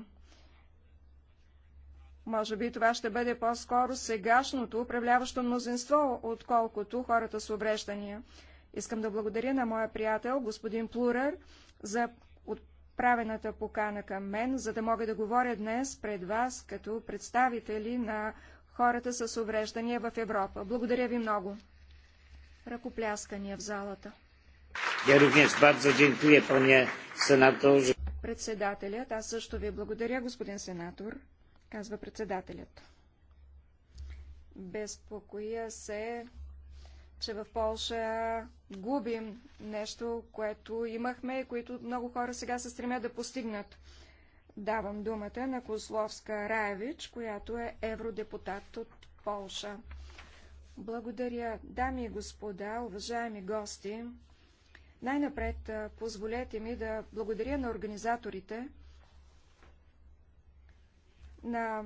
B: Може би това ще бъде по-скоро сегашното управляващо мнозинство, отколкото хората с обрещания. Искам да благодаря на моя приятел, господин Плурър, за отправената покана към мен, за да мога да говоря днес пред вас като представители на хората с увреждания в Европа. Благодаря ви много. Ръкопляскания в залата. Председателят, аз също ви благодаря, господин сенатор казва председателят. Безпокоя се, че в Полша губим нещо, което имахме и което много хора сега се стремят да постигнат. Давам думата на Кословска Раевич, която е евродепутат от Полша. Благодаря, дами и господа, уважаеми гости. Най-напред позволете ми да благодаря на организаторите, на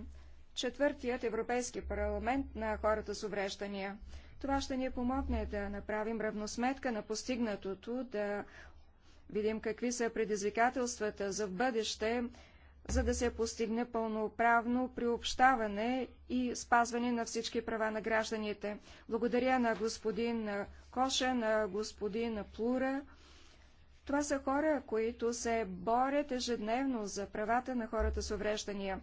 B: четвъртият Европейски парламент на хората с увреждания. Това ще ни помогне да направим равносметка на постигнатото, да видим какви са предизвикателствата за в бъдеще, за да се постигне пълноправно приобщаване и спазване на всички права на гражданите. Благодаря на господин Коша, на господин Плура. Това са хора, които се борят ежедневно за правата на хората с увреждания.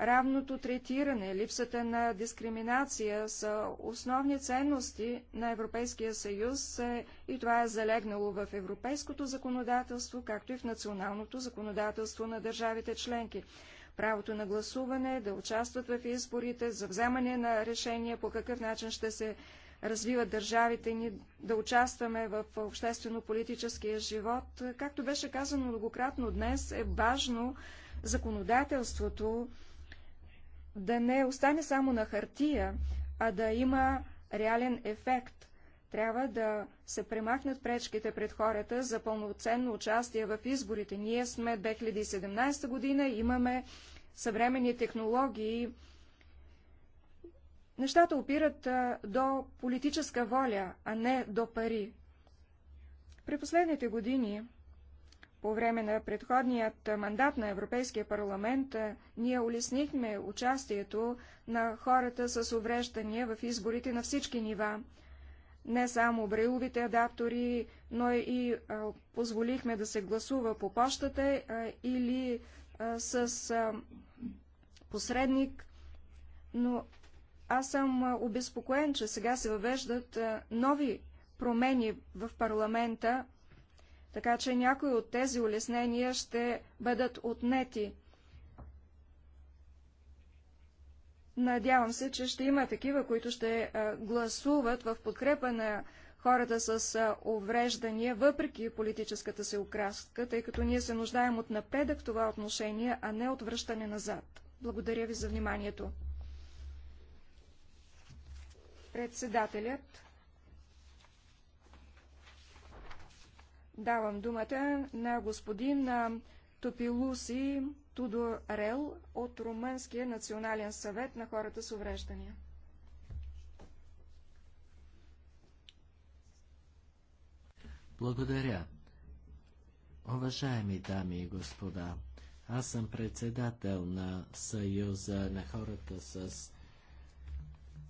B: Равното третиране, липсата на дискриминация са основни ценности на Европейския съюз е, и това е залегнало в европейското законодателство, както и в националното законодателство на държавите членки. Правото на гласуване, да участват в изборите, за вземане на решения по какъв начин ще се развиват държавите ни, да участваме в обществено-политическия живот. Както беше казано многократно днес, е важно законодателството да не остане само на хартия, а да има реален ефект. Трябва да се премахнат пречките пред хората за пълноценно участие в изборите. Ние сме 2017 година, имаме съвременни технологии. Нещата опират до политическа воля, а не до пари. При последните години по време на предходният мандат на Европейския парламент е, ние улеснихме участието на хората с увреждания в изборите на всички нива. Не само брайловите адаптори, но и а, е, позволихме да се гласува по почтата а, е, или а, с а, посредник. Но аз съм обезпокоен, че сега се въвеждат нови промени в парламента, така че някои от тези улеснения ще бъдат отнети. Надявам се, че ще има такива, които ще е, гласуват в подкрепа на хората с е, увреждания, въпреки политическата си окраска, тъй като ние се нуждаем от напредък в това отношение, а не от връщане назад. Благодаря ви за вниманието. Председателят Давам думата на господин Топилуси Тудорел от Румънския национален съвет на хората с увреждания.
A: Благодаря. Уважаеми дами и господа, аз съм председател на Съюза на хората с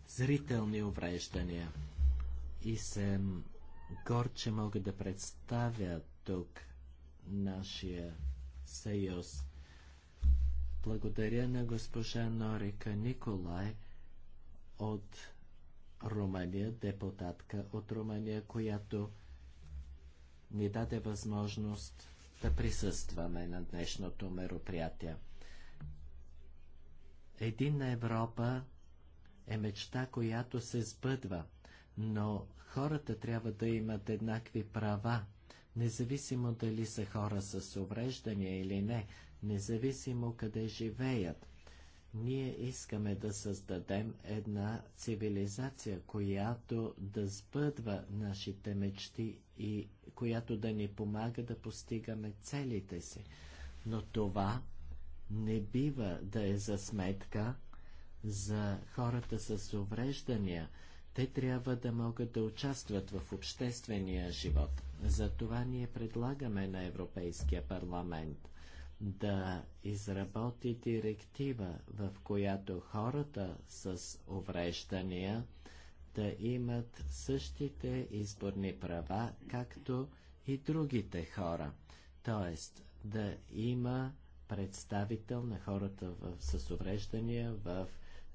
A: зрителни увреждания и съм Горче че мога да представя тук нашия съюз. Благодаря на госпожа Норика Николай от Румъния, депутатка от Румъния, която ни даде възможност да присъстваме на днешното мероприятие. Единна Европа е мечта, която се сбъдва – но хората трябва да имат еднакви права, независимо дали са хора с увреждания или не, независимо къде живеят. Ние искаме да създадем една цивилизация, която да сбъдва нашите мечти и която да ни помага да постигаме целите си. Но това не бива да е за сметка за хората с увреждания – те трябва да могат да участват в обществения живот. Затова ние предлагаме на Европейския парламент да изработи директива, в която хората с увреждания да имат същите изборни права, както и другите хора. Тоест, да има представител на хората в, с увреждания в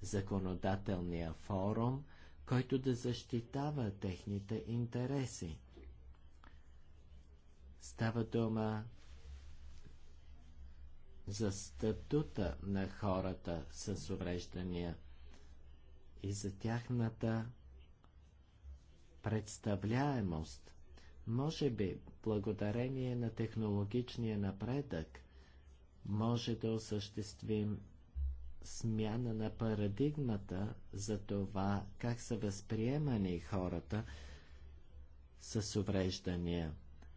A: законодателния форум – който да защитава техните интереси. Става дума за статута на хората с увреждания и за тяхната представляемост. Може би, благодарение на технологичния напредък, може да осъществим смяна на парадигмата за това как са възприемани хората с увреждания.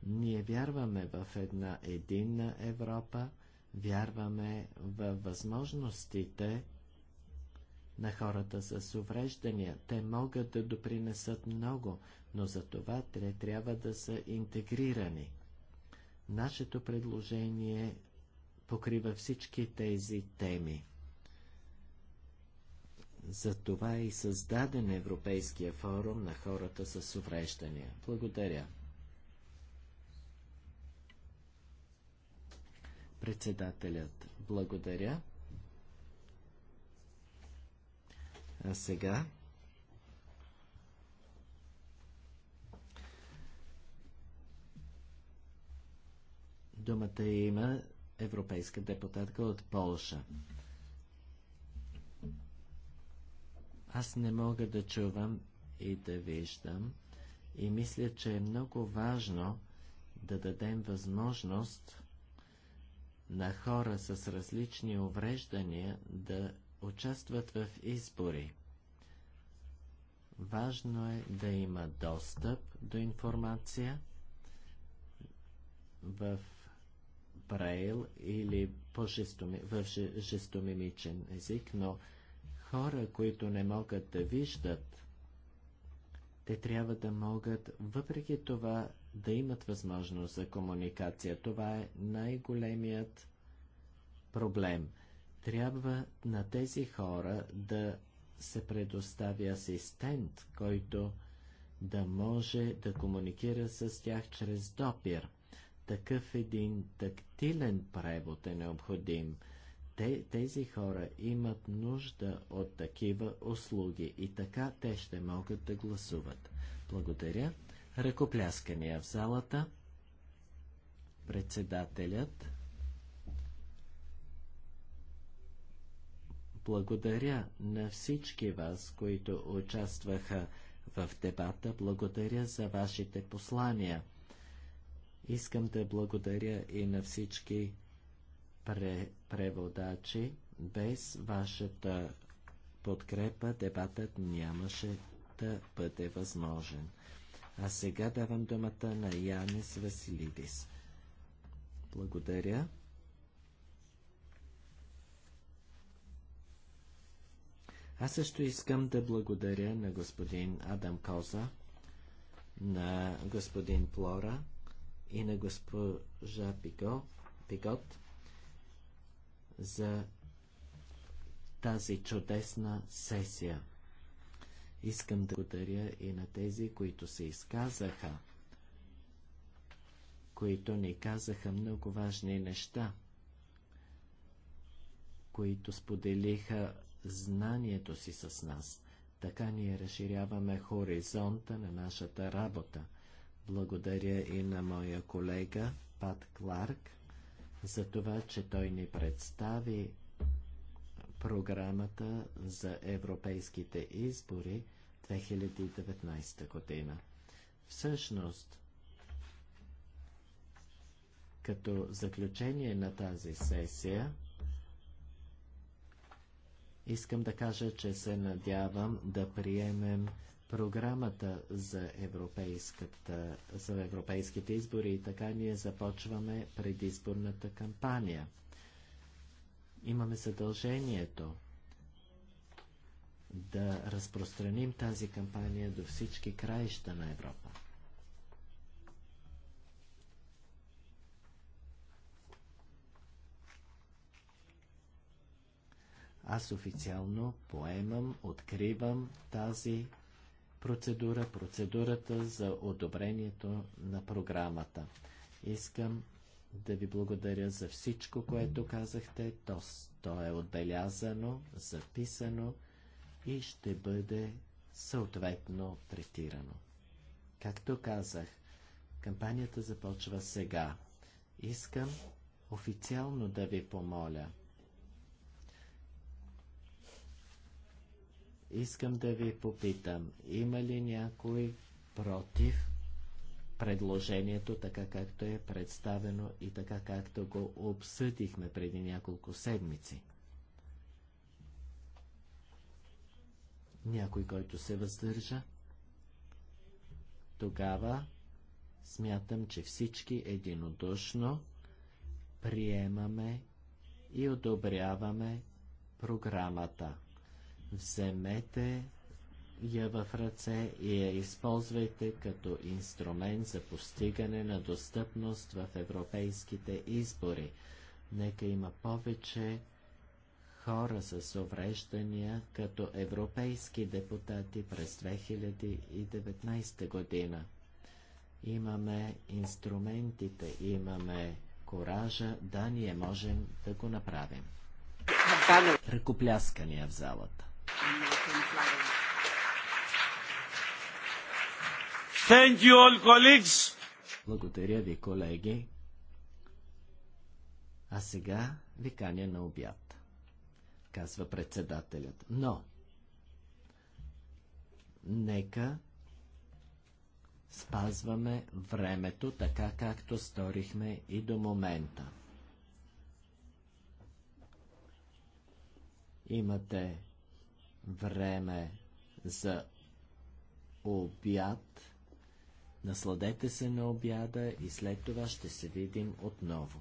A: Ние вярваме в една единна Европа, вярваме в възможностите на хората с увреждания. Те могат да допринесат много, но за това те трябва да са интегрирани. Нашето предложение покрива всички тези теми. За това е и създаден Европейския форум на хората с увреждания. Благодаря. Председателят, благодаря. А сега думата има европейска депутатка от Полша. Аз не мога да чувам и да виждам и мисля, че е много важно да дадем възможност на хора с различни увреждания да участват в избори. Важно е да има достъп до информация в брайл или по жестоми, в жестомимичен език, но хора, които не могат да виждат, те трябва да могат, въпреки това, да имат възможност за комуникация. Това е най-големият проблем. Трябва на тези хора да се предостави асистент, който да може да комуникира с тях чрез допир. Такъв един тактилен превод е необходим – те, тези хора имат нужда от такива услуги и така те ще могат да гласуват. Благодаря. Ръкопляскания в залата. Председателят. Благодаря на всички вас, които участваха в дебата. Благодаря за вашите послания. Искам да благодаря и на всички пре, преводачи. Без вашата подкрепа дебатът нямаше да бъде възможен. А сега давам думата на Янис Василидис. Благодаря. Аз също искам да благодаря на господин Адам Коза, на господин Плора и на госпожа Пиго, Пигот за тази чудесна сесия. Искам да благодаря и на тези, които се изказаха, които ни казаха много важни неща, които споделиха знанието си с нас. Така ние разширяваме хоризонта на нашата работа. Благодаря и на моя колега Пат Кларк, за това, че той ни представи програмата за европейските избори 2019 година. Всъщност, като заключение на тази сесия, искам да кажа, че се надявам да приемем програмата за, за европейските избори и така ние започваме предизборната кампания. Имаме задължението да разпространим тази кампания до всички краища на Европа. Аз официално поемам, откривам тази процедура, процедурата за одобрението на програмата. Искам да ви благодаря за всичко, което казахте. То, то е отбелязано, записано и ще бъде съответно третирано. Както казах, кампанията започва сега. Искам официално да ви помоля – Искам да ви попитам, има ли някой против предложението, така както е представено и така както го обсъдихме преди няколко седмици? Някой, който се въздържа? Тогава смятам, че всички единодушно приемаме и одобряваме програмата. Вземете я в ръце и я използвайте като инструмент за постигане на достъпност в европейските избори. Нека има повече хора с увреждания като европейски депутати през 2019 година. Имаме инструментите, имаме коража, да, ние можем да го направим. Ръкопляскания в залата. Thank you all, colleagues. Благодаря ви, колеги. А сега ви каня на обяд, казва председателят. Но, нека спазваме времето така, както сторихме и до момента. Имате време за обяд. Насладете се на обяда и след това ще се видим отново.